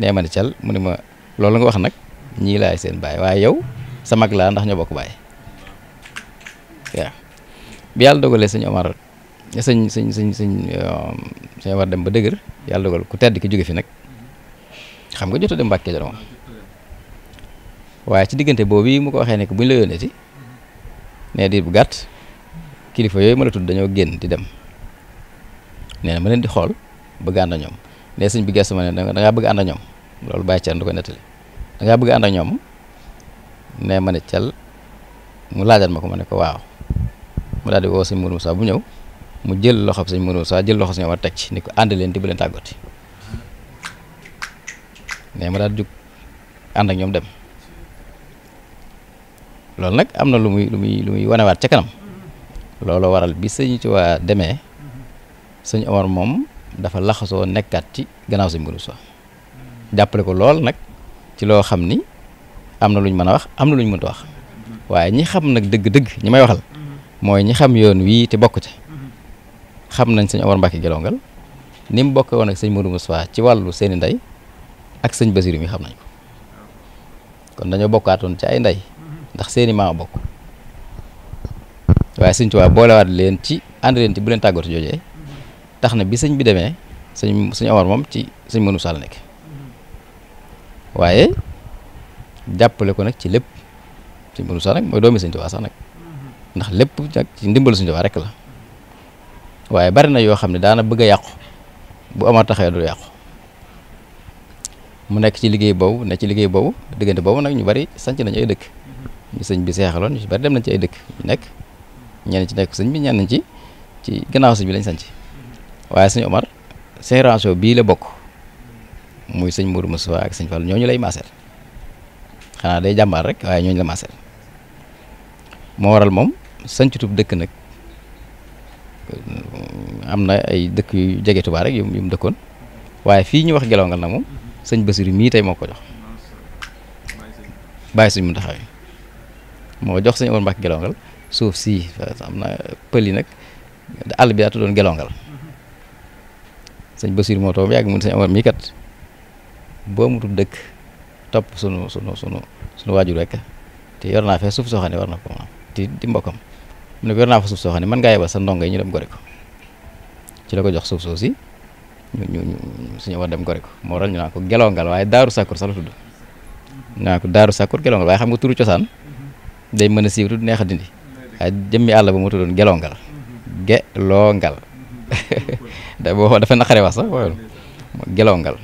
nee ma ne cal mu ne ma loolu nga wax nag ñii laay seen baay waaye yow sa mag laa ndax ñoo bokk baay bi yàlla dogalee sëñ Omar sëñ sëñ sëñ sëñ um, sëñ Omar dem ba dëgër yàlla dogal ku tedd ki jóge fi nag xam nga jot a dem Mbàkke Kajoor moom waaye ci diggante boobu yi mu ko waxee ne bu ñu la yónnee ci nee diir bu gàtt kilifa yooyu ma la tudd dañoo génn di dem nee ma leen di xool bëgg ànd ak ñoom ne sëñ bi gestu ma ne da ngaa bëgg ànd ak ñoom loolu bàyyi cër ko nettali da ngaa bëgg ànd ak ñoom nee ma ne cal mu laajal ma ko ma ne ko waaw. mu daal di woo sëñ Mourou Moussa bu ñëw mu jël loxo sëñ Mourou Moussa jël loxo sëñ Omar teg ci ni ko ànd leen di bu mais mu daal di jug ànd ak ñoom dem loolu nag am na lu muy lu muy lu muy wanewaat waral bi sëñ ci waa demee sëñ Omar moom dafa laxasoo nekkaat ci gannaaw sëñ Mourou Moussa jàppale ko lool nag ci loo xam ni am na luñ mën a wax am na lu ñu mënta wax waaye ñi xam nag dëgg-dëgg ñi may waxal. mooy ñi xam yoon wii te bokk ci xam nañ sëñ Omar Mbacke Gelongal ni mu bokk woon ak sëñ Modou Moussa ci wàllu seeni ndey ak sëñ Basiru mi xam nañ ko kon dañoo bokkaatoon ci ay ndey ndax seeni maam bokk waaye sëñ Tuubaa boolewaat leen ci ànd leen ci bu leen tàggatu joojee tax na bi sëñ bi demee sëñ sëñ Omar moom ci sëñ Modou Moussa la nekk waaye jàppale ko nag ci lépp sëñ Modou sa nag mooy doomi sëñ Tuubaa sax nag ndax lépp nag ci ndimbalu suñu Tuubaa rek la waaye bari na yoo xam ne daana bëgg yàqu bu ama taxee du yàqu mu nekk ci liggéey boobu ne ci liggéey boobu diggante boobu nag ñu bari sanc nañu ay dëkk ñu sëñ bi seexaloon ñu bari dem nañ ci ay dëkk nekk ñenn ci nekk sëñ bi ñenn ci ci gannaaw sëñ bi lañ sanc waaye sëñ Omar seen bii la bokk muy sëñ Mourou Moussa ak sëñ Fall ñooñu lay maaseel xanaa day jàmbaar rek waaye ñooñu la maaseel moo waral moom sancutub dëkk nag am na ay dëkk yu jege Tuubaa rek yu mu dëkkoon waaye fii ñu wax Gelongal nag moom sëñ Basiru mii tay moo ko jox bàyyi suñ mu taxaw moo jox sëñ Omar Mbàkke Gelongal suuf sii am na nag àll bi daa tuddoon Gelongal sëñ Basiru moo toog yàgg mun mii kat boo mutul dëkk topp sunu sunu sunu sunu waajur rek te yor naa fee suuf soo xam ne war na ko moom di mbokkam mu ne ko naa fa suuf soo xam ne mën ngaa yebal sa ndongo yi ñu dem gore ci la ko jox suuf soo si ñu ñu dem gore ko moo waral ñu naan ko gelongal waaye daaru sàkkur sax la tudd ñu naan ko daaru sàkkur gelongal waaye xam nga day mën a siiw neex a dindi waaye jëmmi àll ba mu tuddoon da boo dafa naqare wax sax waaye gelongal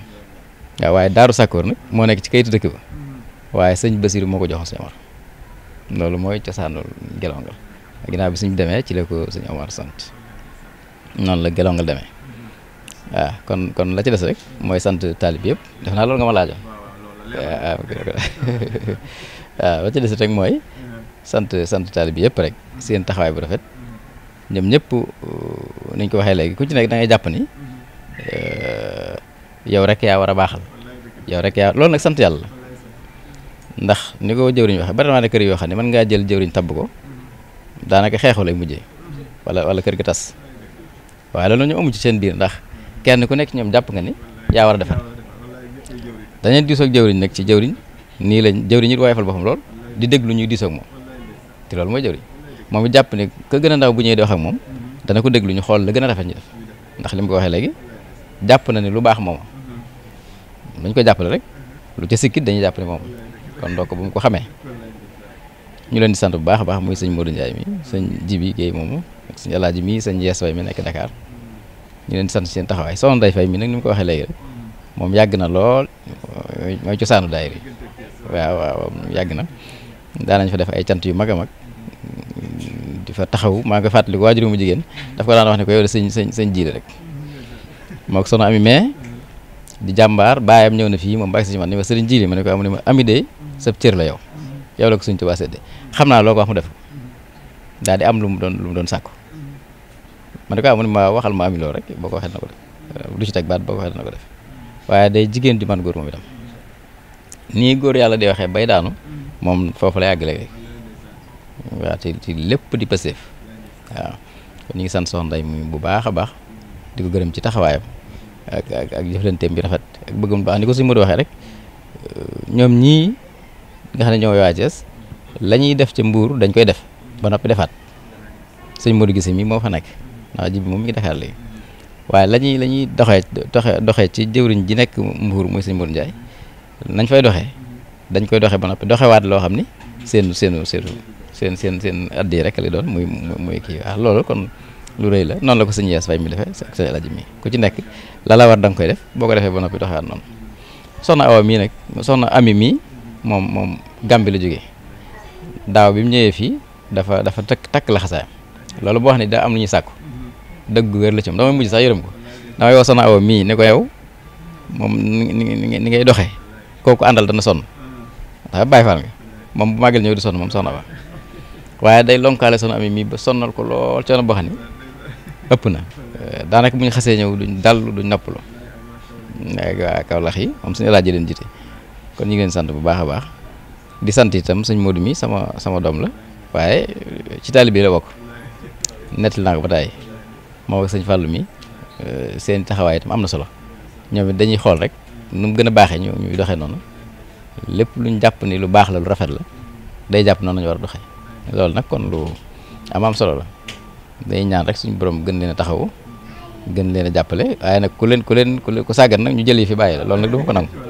waaw waaye daaru sàkkur nag moo nekk ci kayitu dëkk ba mm-hmm. waaye sëñ Basiru moo ko joxoon suñu war loolu mooy cosaanul gelongal ginnaaw bi suñ demee ci la ko suñ Omar sant noonu la gelaw nga demee a kon kon la ci des rek mooy sant taalib yëpp def naa loolu nga ma laajoon waaw waaw ci des rek mooy sant sant taalib yëpp rek seen taxawaay bu rafet ñoom ñëpp uh, niñ ko waxee léegi ku ci nekk da ngay jàpp ni uh, yow rek yaa war a baaxal yow rek yaa loolu nag sant yàlla ndax ni ko jëwriñ waxee bari ne kër yoo xam ne mën ngaa jël jëwriñ tabb ko daanaka xeexu lay mujje wala wala kër gi tas waaye loolu ñu amu ci seen biir ndax kenn ku nekk ñoom jàpp nga ni yaa war a defar dañuy diisoo jëwriñ nag ci jëwriñ nii lañ jëwriñ it woyofal boppam lool di déglu ñuy diisoo moom te loolu mooy jëwriñ moom jàpp ne ka gën a ndaw bu ñëwee di wax ak moom dana ko déglu ñu xool la gën a rafet ñu def ndax lim ko waxee léegi jàpp na ne lu baax moom dañ ko jàppale rek lu ca sikkit dañuy jàpp ne moom kon donc bu mu ko xamee ñu leen di sant bu baax a baax muy sëñ Modou Ndiaye mi sëñ Jibi Guèye moomu ak sëñ Alaaji mi sëñ Yees Fay mi nekk Dakar ñu leen di sant seen taxawaay soxna Ndeye Fay mi nag ni mu ko waxee léegi rek moom yàgg na lool mooy cosaanu daayira waaw waaw yàgg na fa def ay cant yu mag mag di taxaw maa nga fàttali ko waajur mu jigéen daf ko wax ne ko sëñ sëñ sëñ jiile rek moo ko soxna ami mais di jàmbaar baayam ñëw na fii moom bàyyi sëñ man ni ma sëriñ jiile ma ne ko amu ami de sab cër la yow yow la ko suñ tubaa sedde xam naa loo ko wax mu def daal di am lu mu doon lu mu doon sàkku man de quoi mu ne ma waxal ma ami loolu rek boo ko waxee dina du ci teg baat waxee dina ko def waaye day jigéen di man góor moom itam nii góor yàlla di waxee bay daanu moom foofu lay àggale waaw ci ci lépp di pëseef waaw kon ñu ngi sant soxna Ndeye muy bu baax a baax di ko gërëm ci taxawaayam ak ak ak jëflanteem bi rafet ak bëggum baax ni ko suñu mën waxee rek ñoom ñii. nga xam ne ñooy waa Thiès la ñuy def ci mbuur dañ koy def ba noppi defaat sëñ Modou Gissé mii moo fa nekk ndax ji bi moom mi ngi Dakar léegi waaye la ñuy la ñuy doxee doxe doxe ci jëwriñ ji nekk mbuur mooy sëñ Modou Ndiaye nañ fay doxe dañ koy doxe ba noppi doxewaat loo xam ni seen seen seen seen seen seen addi rek li doon muy muy kii ah loolu kon lu rëy la noonu la ko sëñ Yaas Fay mi defe ak sëñ Alaaji mi ku ci nekk la la war da koy def boo ko defee ba noppi doxewaat noon moom moom Gàmbi la jógee daaw bi mu ñëwee fii dafa dafa takk takk la xasaayam loolu boo xam ne daa am lu ñuy dëgg wér la ci moom damay mujj sax yërëm ko damay woo Soxna Awa mii ne ko yow moom ni ngay doxe kooku àndal dana sonn dafa bàyyi faal nga moom bu màggal ñëw di sonn moom Soxna Awa waaye day lonkaale Soxna Ami mii ba sonnal ko lool coono boo xam ne ëpp na eh, daanaka bu ñu xasee ñëw duñ dal duñ nappalu waa Kawlax yi moom suñu laaj leen kon ñu ngi sant bu baax a baax di sant itam sëñ Modou mi sama sama doom la waaye ci taalibe bi la bokk nettali naa ko ba tey moo sëñ Fallou mi euh, seen taxawaay itam am na solo ñoom it dañuy xool rek nu mu gën a baaxee ñu ñuy doxee noonu lépp luñ jàpp ni lu baax la lu rafet la day jàpp noonu ñu war a doxee loolu nag kon lu am am solo la day ñaan rek suñu borom gën leen a taxawu gën leen a jàppale waaye nag ku leen ku leen ku sàggan nag ñu jëlee fi bàyyi la loolu nag du